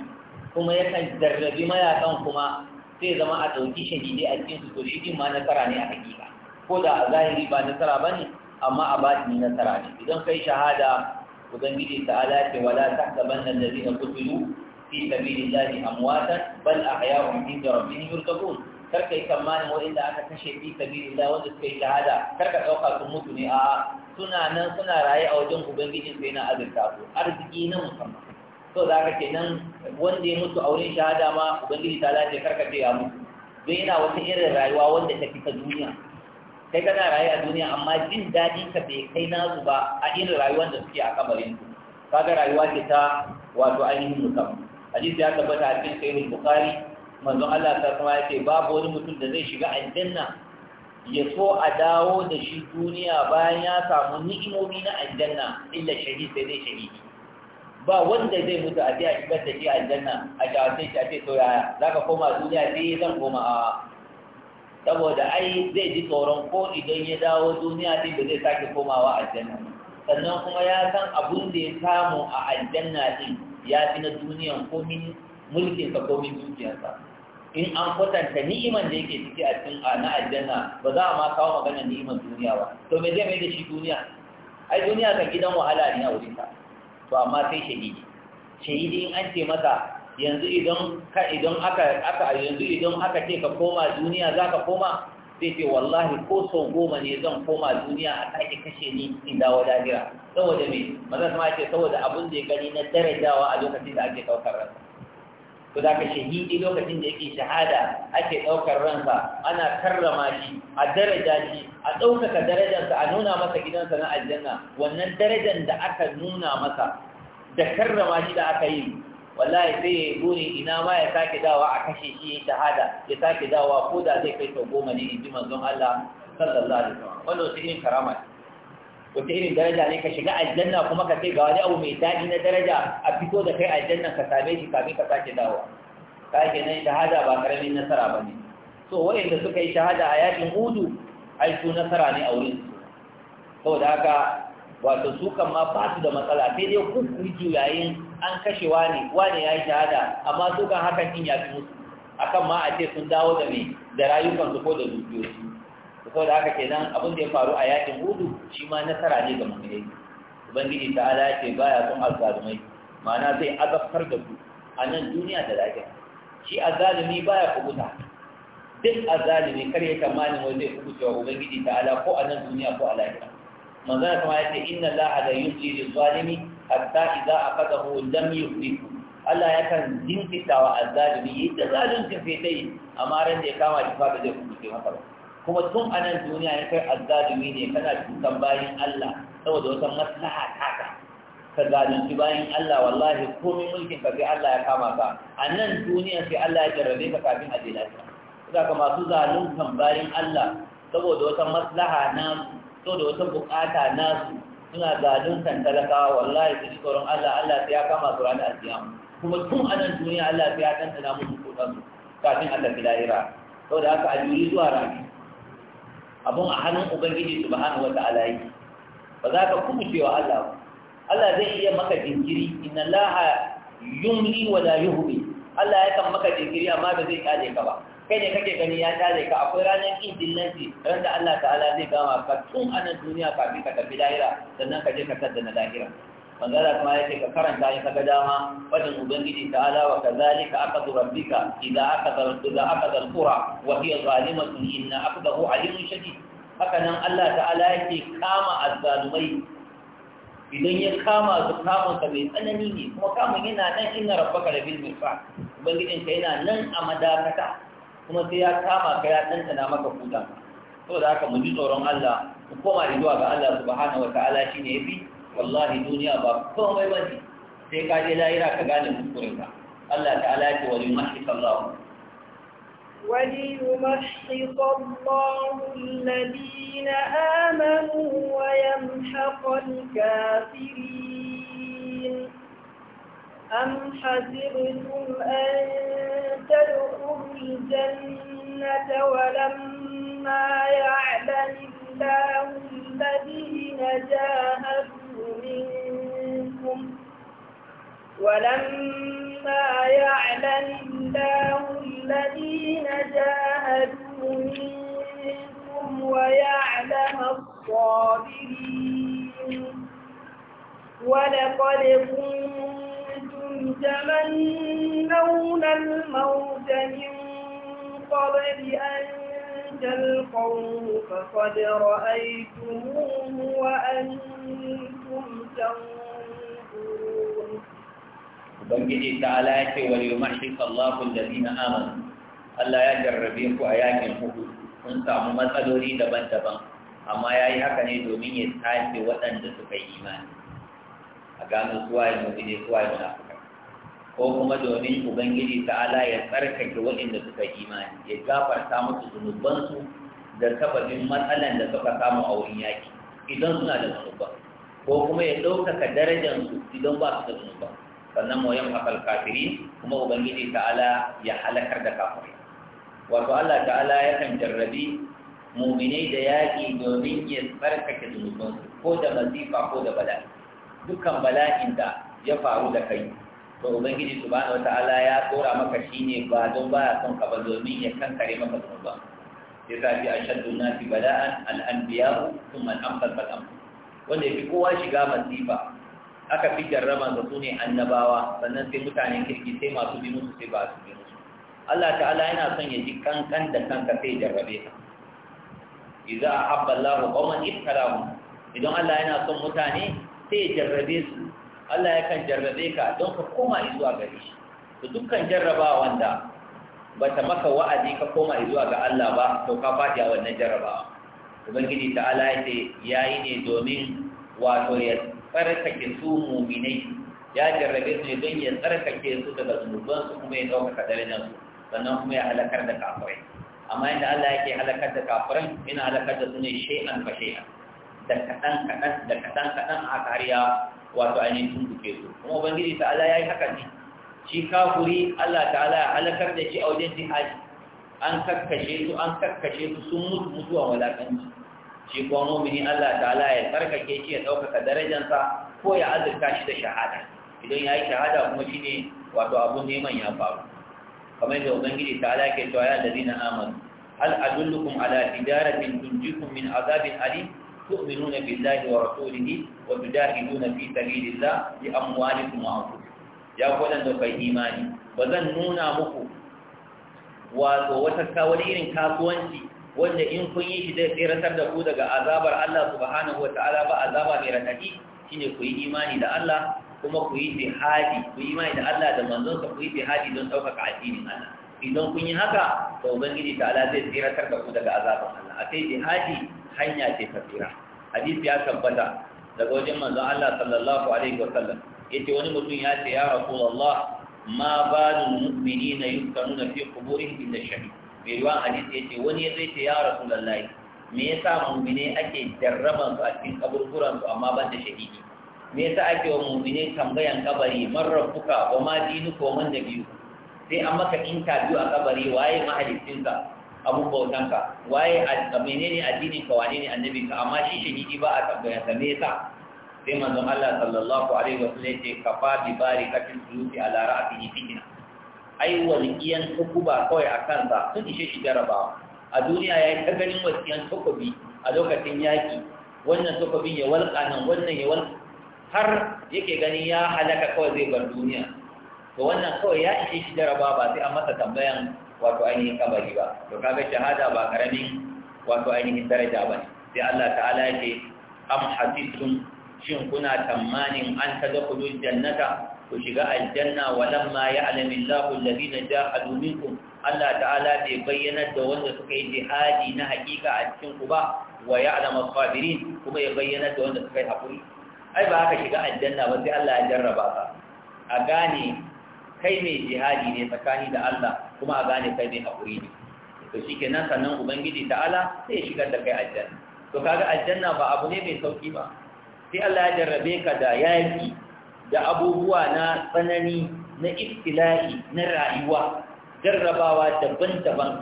kuma yakan jarrabi mayakan kuma sai zama a ɗauki shahidai a cikin su to shi ma nasara ne a hakika ko da a zahiri ba nasara ba ne? amma a batini nasara ne idan kai shahada ubangiji ta'ala ce wala tahsabanna alladhina qutilu fi sabilillahi amwatan bal ahya'un inda rabbihim yurzaqun karka yi tsammanin wa'inda aka kashe fi sabilillah wanda suka yi shahada karka ɗauka su mutu ne a'a suna nan suna raye a wajen ubangijin sai na azurta su arziki na musamman so za ka ce nan wanda ya mutu a wurin shahada ma ubangiji ta lafiya karka ce ya mutu don yana wata irin rayuwa wanda ta fi ta duniya kai kana raye a duniya amma jin daɗi ka bai kai nasu ba a irin rayuwar da suke a kabarin su kaga rayuwa ce ta wato ainihin musamman hadisi ya tabbata a cikin sahih bukhari manzo Allah ta kuma ya ce babu wani mutum da zai shiga aljanna ya so a dawo da shi duniya bayan ya samu ni'imomi na aljanna illa shahid sai dai shahidi ba wanda zai mutu a sai a shigar da shi aljanna a shawarce shi a ce to yaya za ka koma duniya sai zan koma a saboda ai zai ji tsoron ko idan ya dawo duniya din ba zai sake komawa aljanna sannan kuma ya san abun da ya samu a aljanna din ya fi na duniyan komin ka komin dukiyarsa in an kwatanta ni'iman da yake ciki a cikin na aljanna ba za a ma kawo magana ni'iman duniya ba to me zai mai da shi duniya ai duniya kan gidan wahala ne a wurinka to amma sai shahidi shahidi in an ce masa yanzu idan ka idan aka aka yanzu idan aka ce ka koma duniya za ka koma zai ce wallahi ko sau goma ne zan koma duniya a sake kashe ni in dawo lahira saboda me manzon sama ce saboda abun da ya gani na darajawa a lokacin da ake ɗaukar ransa to da ka shahidi lokacin da yake shahada ake ɗaukar ransa ana karrama shi a daraja shi a ɗaukaka darajarsa a nuna masa gidansa na aljanna wannan darajar da aka nuna masa da karrama shi da aka yi wallahi sai ya buni ina ma ya sake dawa a kashe shi shahada ya sake dawa ko da zai kai sau goma ne in ji manzon Allah sallallahu alaihi wasallam wannan sai irin karama ne wata irin daraja ne ka shiga aljanna kuma ka sai ga wani abu mai daɗi na daraja a fito da kai aljanna ka same shi kafin ka sake dawa ka ke nan shahada ba karamin nasara ba ne so da suka yi shahada a yakin hudu ai su nasara ne a wurin su saboda haka wato su kan ma ba su da matsala sai dai ku ku juyayin an kashe Wani wane ya yi shahada amma su kan hakan in ya fi musu akan ma a ce sun dawo da me da rayukansu ko da dukiyoyi da haka kenan abin da ya faru a yakin hudu shi ma nasara ne ga mamaye ubangiji ta ala ce baya son alzalumai ma'ana zai azabtar da ku a nan duniya da lafiya shi azalumi baya kubuta duk azalumi kar ya tamanin wani zai kubuta wa ubangiji ta ala ko a nan duniya ko a lafiya manzana kuma ya ce inna allaha la yuzli hatta idza aqadahu lam yuhdiku Allah ya kan jinkita wa azzalimi da zaluncin dai, amma ran da ya kama shi fa da kuma kubuce masa ba kuma tun anan duniya ya kai azzalimi ne kana cutan bayan Allah saboda wata maslaha taka ka zalunci bayan Allah wallahi komai mulkin ka sai Allah ya kama ka a nan duniya sai Allah ya jarrabe ka kafin a je lafiya saboda masu zaluntan bayan Allah saboda wata maslaha na saboda wata bukata nasu suna zaluntan talakawa wallahi su ji tsoron Allah Allah sai ya kama su ranar alkiyama kuma tun a nan duniya Allah sai ya tantana musu kudansu kafin a tafi lahira da haka a juri zuwa rami abun a hannun ubangiji subhanahu wa ta'ala yi ba za ka kuma cewa Allah ba Allah zai iya maka jinkiri inna laha yumli wa la yuhbi Allah ya kan maka jinkiri amma ba zai kale ka ba kai ne kake gani ya tare ka akwai ranar kin dillanci ran da Allah ta'ala zai gama ka tun a nan duniya kafin ka tafi lahira sannan ka je ka sadda na lahira manzara kuma ya ce ka karanta in kaga dama wajen ubangiji ta'ala wa kazalika aqadu rabbika idza aqada idza aqada al-qura wa hiya zalimatun inna aqdahu alimun shadid haka nan Allah ta'ala ya ce kama azzalumai idan ya kama su kamunsa mai tsanani ne kuma kamun yana nan ina rabbaka la bil mirsa ubangijinka yana nan a madakata kuma sai ya kama ka ya tantana maka kudan saboda haka mu ji tsoron Allah ku koma da zuwa ga Allah subhanahu wa shine yafi wallahi duniya ba komai bane sai ka je lahira ka gane kuskuren ka Allah ta'ala ce wa yumahhika Allah وليمحق الله الذين آمنوا ويمحق kafirin. أم حسبتم أن تدخلوا الجنة ولما يعلم الله الذين جاهدوا منكم ولما يعلم الله الذين جاهدوا منكم ويعلم الصابرين ولقد كنتم يتمنون الموت من قبل أن تلقوه فقد رأيتموه وأنتم تنظرون بنجي تعالى وليمحص الله الذين آمنوا Allah ya jarrabe ku a yakin hudu kun samu matsaloli daban-daban amma ya yi haka ne domin ya tace waɗanda suka yi imani a gano suwaye mutane suwaye munafuka ko kuma domin ubangiji ta Ala ya tsarkake waɗanda suka imani ya gafarta musu zunubansu da sababin matsalan da suka samu a wurin yaki idan suna da zunuban ko kuma ya ɗaukaka darajansu idan ba su da zunuban sannan mu yan hakal kafiri kuma ubangiji ta Ala ya halakar da kafirai wato Allah ta'ala ya kan jarrabi muminai da yaƙi domin ya tsarkake zunubansu ko da masifa ko da bala'i dukkan bala'in da ya faru da kai to ubangiji subhanahu wataala ya tsora maka shine ba don baya son ka ba domin ya kankare maka zunuba sai ka ji ashaddu nasi bala'an al-anbiya thumma al-amsal fal amsal wanda yafi kowa shiga masifa aka fi jarraba da sune annabawa sannan sai mutanen kirki sai masu bi musu sai ba su bi musu Allah ta'ala yana son ya ji kankan da kanka sai jarrabe ka idza ahabba Allahu qauman ibtalahum idan Allah yana son mutane sai ya jarrabe su Allah ya kan jarrabe ka don ka koma zuwa gare shi to dukkan jarrabawa wanda bata maka wa'azi ka koma zuwa ga Allah ba to ka fadi a wannan jarrabawa ubangiji ta Allah ya ce yayi ne domin wato ya tsarkake su mu'minai ya jarrabe su ne don ya tsarkake su daga zunuban su kuma ya dauka darajar su sannan kuma ya halakar da kafirai amma inda Allah yake halakar da kafirai ina halakar da su ne shay'an fa shay'an da kadan kadan da kadan kadan a kariya wato ainihin tunduke su kuma ubangiji ta'ala ya yi haka ne shi kafuri Allah ta'ala ya halakar da shi a wajen jihadi an kakkashe su an kakkashe su sun mutu mutuwa walakanci shi kuma mumini Allah ta'ala ya tsarkake shi ya ɗaukaka darajansa ko ya azurta shi da shahada idan ya yi shahada kuma shi ne wato abun neman ya faru kamar da ubangiji ta'ala ke cewa ya ladina amanu hal adullukum ala tijaratin tunjikum min azabin alim تؤمنون بالله ورسوله وتجاهدون في سبيل الله بأموالكم وأنفسكم يا أولا دوكي إيماني وزن نونا مكو وتكاولين kasuwanci, wanda in kun yi shi zai tsiratar da ku daga azabar Allah subhanahu wa ta'ala ba azaba mai raɗaɗi shine ku yi imani da Allah kuma ku yi jihadi ku yi imani da Allah da manzonsa ku yi jihadi don ɗaukaka addinin Allah idan kun yi haka to ubangiji ta'ala zai tsiratar da ku daga azabar Allah akai jihadi hanya ce ta tsira hadisi ya tabbata daga wajen manzon Allah sallallahu alaihi wasallam yace wani mutum ya ce ya rasulullah ma ba balul mu'minina yuftanuna fi quburihim illa shahid mai ruwan hadisi yace wani ya zai ce ya rasulullah me yasa mu'mine ake jarraban su a cikin kaburburan su amma ban da shahidi me yasa ake wa mu'mine tambayan kabari man rabbuka wa ma dinuka ko man biyu? sai an maka interview a kabari waye mahalicinka abun bautanka waye menene addinin ka wane ne annabi ka amma shi shahidi ba a tambaya ta me yasa sai manzon Allah sallallahu alaihi wa sallam ce ka fa bi bari ka tin suluti ala ra'atihi fitina ai waliyan tukuba kawai a kansa sun ishe shi jarabawa a duniya ya yi ta ganin waliyan a lokacin yaki wannan tokobin ya walƙa nan wannan ya walƙa har yake ganin ya halaka kawai zai bar duniya to wannan kawai ya ishe shi jarabawa ba sai an masa tambayan wato ainihin kabari ba to kaga shahada ba karamin wato ainihin daraja ba sai Allah ta'ala yake am hasibtum shin kuna tamanin an tadkhulul jannata ku shiga aljanna wa walamma ya'lamu Allahu alladhina jahadu minkum Allah ta'ala bai bayyana da wanda suka yi jihadi na hakika a cikin ku ba wa ya'lamu as-sabirin kuma ya bayyana da wanda suka yi hakuri ai ba haka shiga aljanna ba sai Allah ya jarraba ka a gane kai mai jihadi ne tsakani da Allah kuma a gane kai mai haƙuri ne to kenan sannan ubangiji ta'ala sai shigar da kai aljanna to kaga aljanna ba abu ne mai sauki ba sai Allah ya jarrabe ka da yaki da abubuwa na tsanani na ibtila'i na rayuwa jarrabawa daban-daban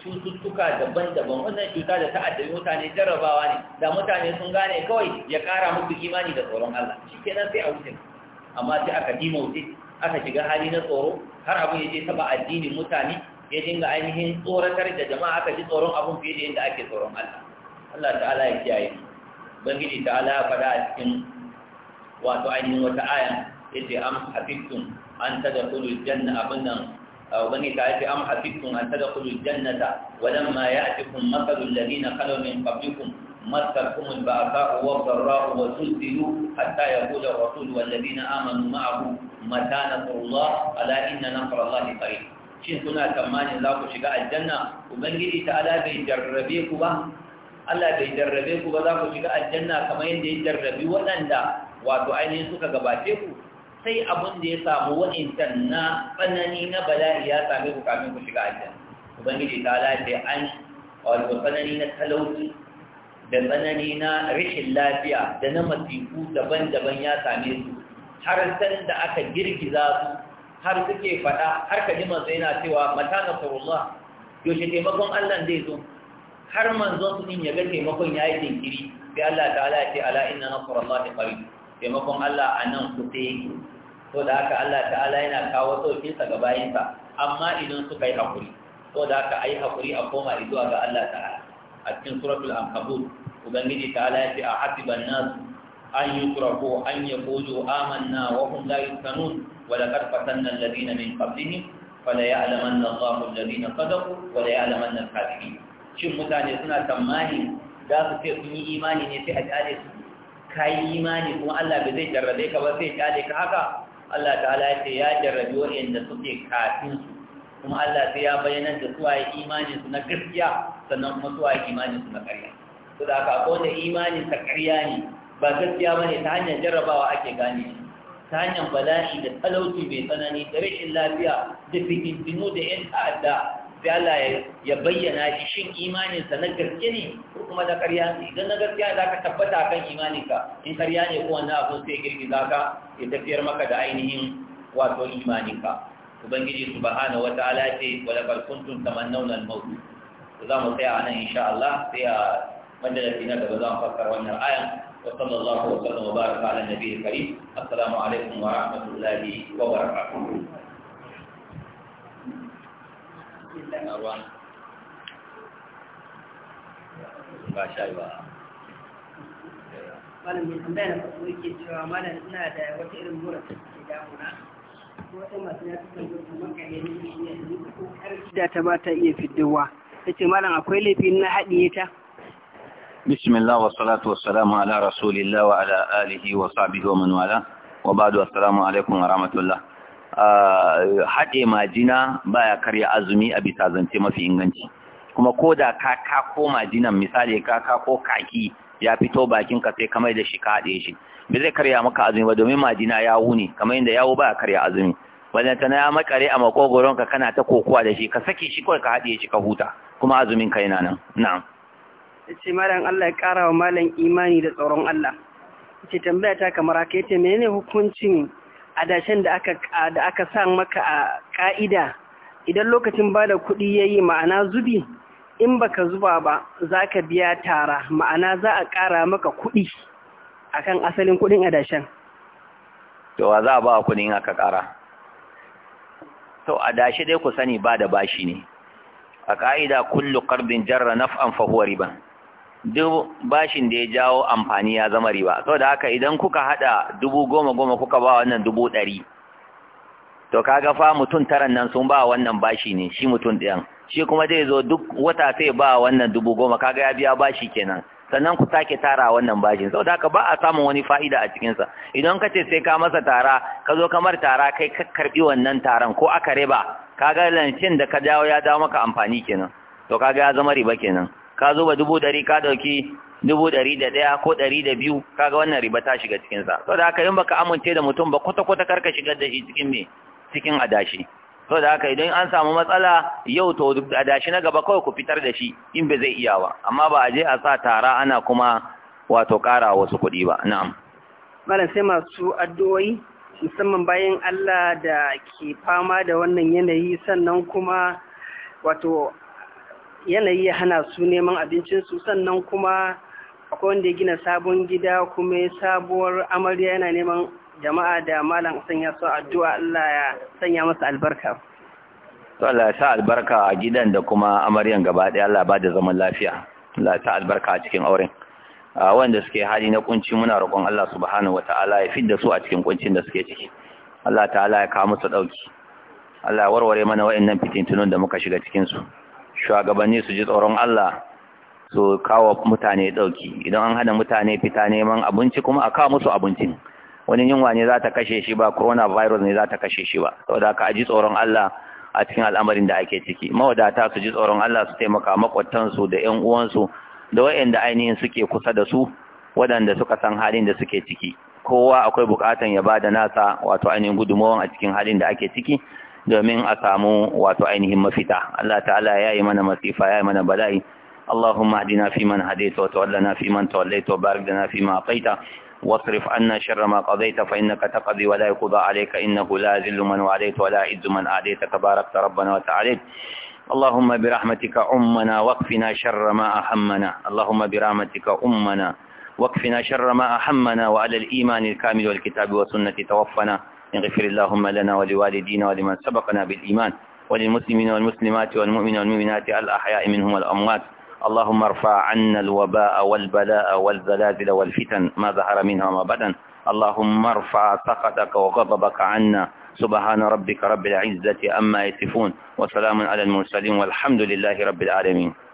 cututtuka daban-daban wannan cuta da ta addabi mutane jarrabawa ne da mutane sun gane kawai ya kara musu imani da tsoron Allah kenan sai a wuce amma sai aka dimauce aka shiga hali na tsoro har abun ya je taba addinin mutane ya dinga ainihin tsoratar da jama'a aka ji tsoron abun fiye da yadda ake tsoron Allah Allah ta'ala ya kiyaye ubangiji ta'ala ya faɗa a cikin wato ainihin wata aya ce am hafiftum an tadkhulul janna abin nan an ya وبني تعالى أم حسبتم أن تدخلوا الجنة ولما يأتكم مثل الذين خلوا من قبلكم مسكتهم البأساء ya وزلزلوا حتى يقول الرسول والذين آمنوا معه mata nasrullah ala inna nasrallahi qarib shin kuna tsammanin za ku shiga aljanna ubangiji ta ala bai jarrabe ku ba Allah bai jarrabe ku ba za ku shiga aljanna kamar yadda ya jarrabi waɗanda wato ainihin suka gabace ku sai abin da ya samu wa'intan na tsanani na bala'i ya same ku kafin ku shiga aljanna ubangiji ta ala ce an wato tsanani na talauci da tsanani na rashin lafiya da na masifu daban-daban ya same su har san da aka girgiza su har suke faɗa har ka ji manzo yana cewa mata na sarullah yaushe taimakon Allah zai zo har manzon su din ya ga taimakon yi jinkiri sai Allah ta'ala ya ce ala inna nasrallahi qarib taimakon Allah a nan sai yake so da haka Allah ta'ala yana kawo sauƙin sa ga bayinsa amma idan suka yi hakuri so da haka ayi hakuri a koma zuwa ga Allah ta'ala a cikin suratul ankabut ubangiji ta'ala ya ce a hasiban nasu an yutraku an yaqulu amanna wa hum la yuftanun wa laqad fatanna alladhina min qablihim fala ya'lamanna Allahu alladhina sadaqu wa la ya'lamanna al-kadhibin shin mutane suna tsammani za su ce sun yi imani ne sai a kyale su yi imani kuma Allah bai zai jarrabe ka ba sai kyale ka haka Allah ta'ala ya ce ya jarrabi wa'anda suke kafin su kuma Allah sai ya bayyana da suwaye imanin su na gaskiya sannan kuma suwaye imanin su na ƙarya Su da haka ko da imanin ta ƙarya ne ba gaskiya ba ne ta hanyar jarrabawa ake gane ta hanyar bala'i da talauci mai tsanani da rashin lafiya da fitintinu da yan ta'adda sai Allah ya bayyana shi shin imaninsa na gaske ne ko kuma na ƙarya ne idan na gaskiya za ka tabbata kan imaninka in ƙarya ne ko abun abu sai girgiza ka ya tafiyar maka da ainihin wato imaninka ubangiji subhanahu wataala ce wa laqad kuntum tamannawna al-maut za mu tsaya nan insha Allah sai a majalisi na gaba za mu fassara wannan ayan وصلى الله وسلم وبارك على النبي الكريم السلام عليكم ورحمة الله وبركاته malam mai tambaya na farko yake cewa malam suna da wata irin mura ke damuna ko wata masu ya fi kan kamar ka ne ne ko karfi da ta ba ta iya fiddowa ce malam akwai laifin na haɗiye ta بسم الله والصلاة والسلام على رسول الله وعلى آله وصحبه ومن والاه وبعد السلام عليكم ورحمة الله haɗe majina baya karya azumi a bisa zance mafi inganci kuma ko da ka kako majinan misali ka kako kaki ya fito bakin ka sai kamar da shi ka haɗe shi Me zai karya maka azumi ba domin majina yawu ne kamar yadda yawu baya karya azumi wannan ta ya makare a makogoron ka kana ta kokowa da shi ka saki shi kawai ka haɗe shi ka huta kuma azumin ka yana nan na'am yace malam Allah ya kara wa malam imani da tsoron Allah yace tambaya ta kamar haka yace menene hukuncin adashin da aka da aka sa maka a ka'ida idan lokacin bada kuɗi yayi ma'ana zubi in baka zuba ba zaka biya tara ma'ana za a kara maka kuɗi akan asalin kuɗin adashin to wa za a ba kuɗin aka kara to adashi dai ku sani ba da bashi ne a ka'ida kullu qardin jarra naf'an huwa riba duk bashin da ya jawo amfani ya zama riba saboda haka idan kuka hada dubu goma goma kuka ba wannan dubu ɗari to kaga fa mutum taran nan sun ba wannan bashi ne shi mutum ɗayan shi kuma zai zo duk wata sai ba wannan dubu goma kaga ya biya bashi kenan sannan ku sake tara wannan bashin saboda haka ba a samun wani fa'ida a cikinsa idan ka ce sai ka masa tara ka zo kamar tara kai ka karɓi wannan taron ko aka riba kaga lancin da ka jawo ya dawo maka amfani kenan to kaga ya zama riba kenan ka zuba dubu ɗari ka ɗauki dubu ɗari da ɗaya ko ɗari da biyu kaga wannan riba ta shiga cikinsa saboda haka in baka amince da mutum ba kwata-kwata karka shigar da shi cikin me cikin adashi saboda haka idan an samu matsala yau to adashi na gaba kawai ku fitar da shi in ba zai iya ba amma ba a je a sa tara ana kuma wato ƙara wasu kuɗi ba na'am malam sai masu addu'o'i musamman bayan Allah da ke fama da wannan yanayi sannan kuma wato yanayi ya hana su neman abincinsu sannan kuma akwai wanda ya gina sabon gida kuma sabuwar amarya yana neman jama'a da malam sanya su addu'a Allah ya sanya masa albarka. To Allah ya sa albarka a gidan da kuma amaryan gaba ɗaya Allah ba da zaman lafiya. Allah ya sa albarka a cikin auren. A wanda suke hali na kunci muna roƙon Allah subhanahu wata'ala ya fidda su a cikin kuncin da suke ciki. Allah ta'ala ya kawo musu ɗauki. Allah ya warware mana wa'annan fitintunan da muka shiga cikin su. shugabanni su ji tsoron Allah su kawo mutane ɗauki idan an hana mutane fita neman abinci kuma a kawo musu abincin wani yunwa ne za ta kashe shi ba coronavirus ne za ta kashe shi ba saboda ka ji tsoron Allah a cikin al'amarin da ake ciki mawadata su ji tsoron Allah su taimaka makwattansu da ƴan uwansu da wayanda ainihin suke kusa da su waɗanda suka san halin da suke ciki kowa akwai buƙatan ya bada nasa wato ainihin gudunmawan a cikin halin da ake ciki domin a samu wato ainihin mafita Allah ta'ala ya yi mana masifa ya yi mana bala'i اللهم اهدنا فيمن هديت وتولنا فيمن توليت وبارك لنا فيما أعطيت واصرف عنا شر ما قضيت فإنك تقضي ولا يقضى عليك إنه لا ذل من وعليت ولا عز من أعديت تباركت ربنا وتعاليت اللهم برحمتك أمنا وقفنا شر ما أحمنا اللهم برحمتك أمنا وقفنا شر ما أحمنا وعلى الإيمان الكامل والكتاب والسنة توفنا اغفر اللهم لنا ولوالدينا ولمن سبقنا بالإيمان وللمسلمين والمسلمات والمؤمن والمؤمنات الأحياء منهم والأموات اللهم ارفع عنا الوباء والبلاء والزلازل والفتن ما ظهر منها وما بدن اللهم ارفع سخطك وغضبك عنا سبحان ربك رب العزة أما يصفون وسلام على المرسلين والحمد لله رب العالمين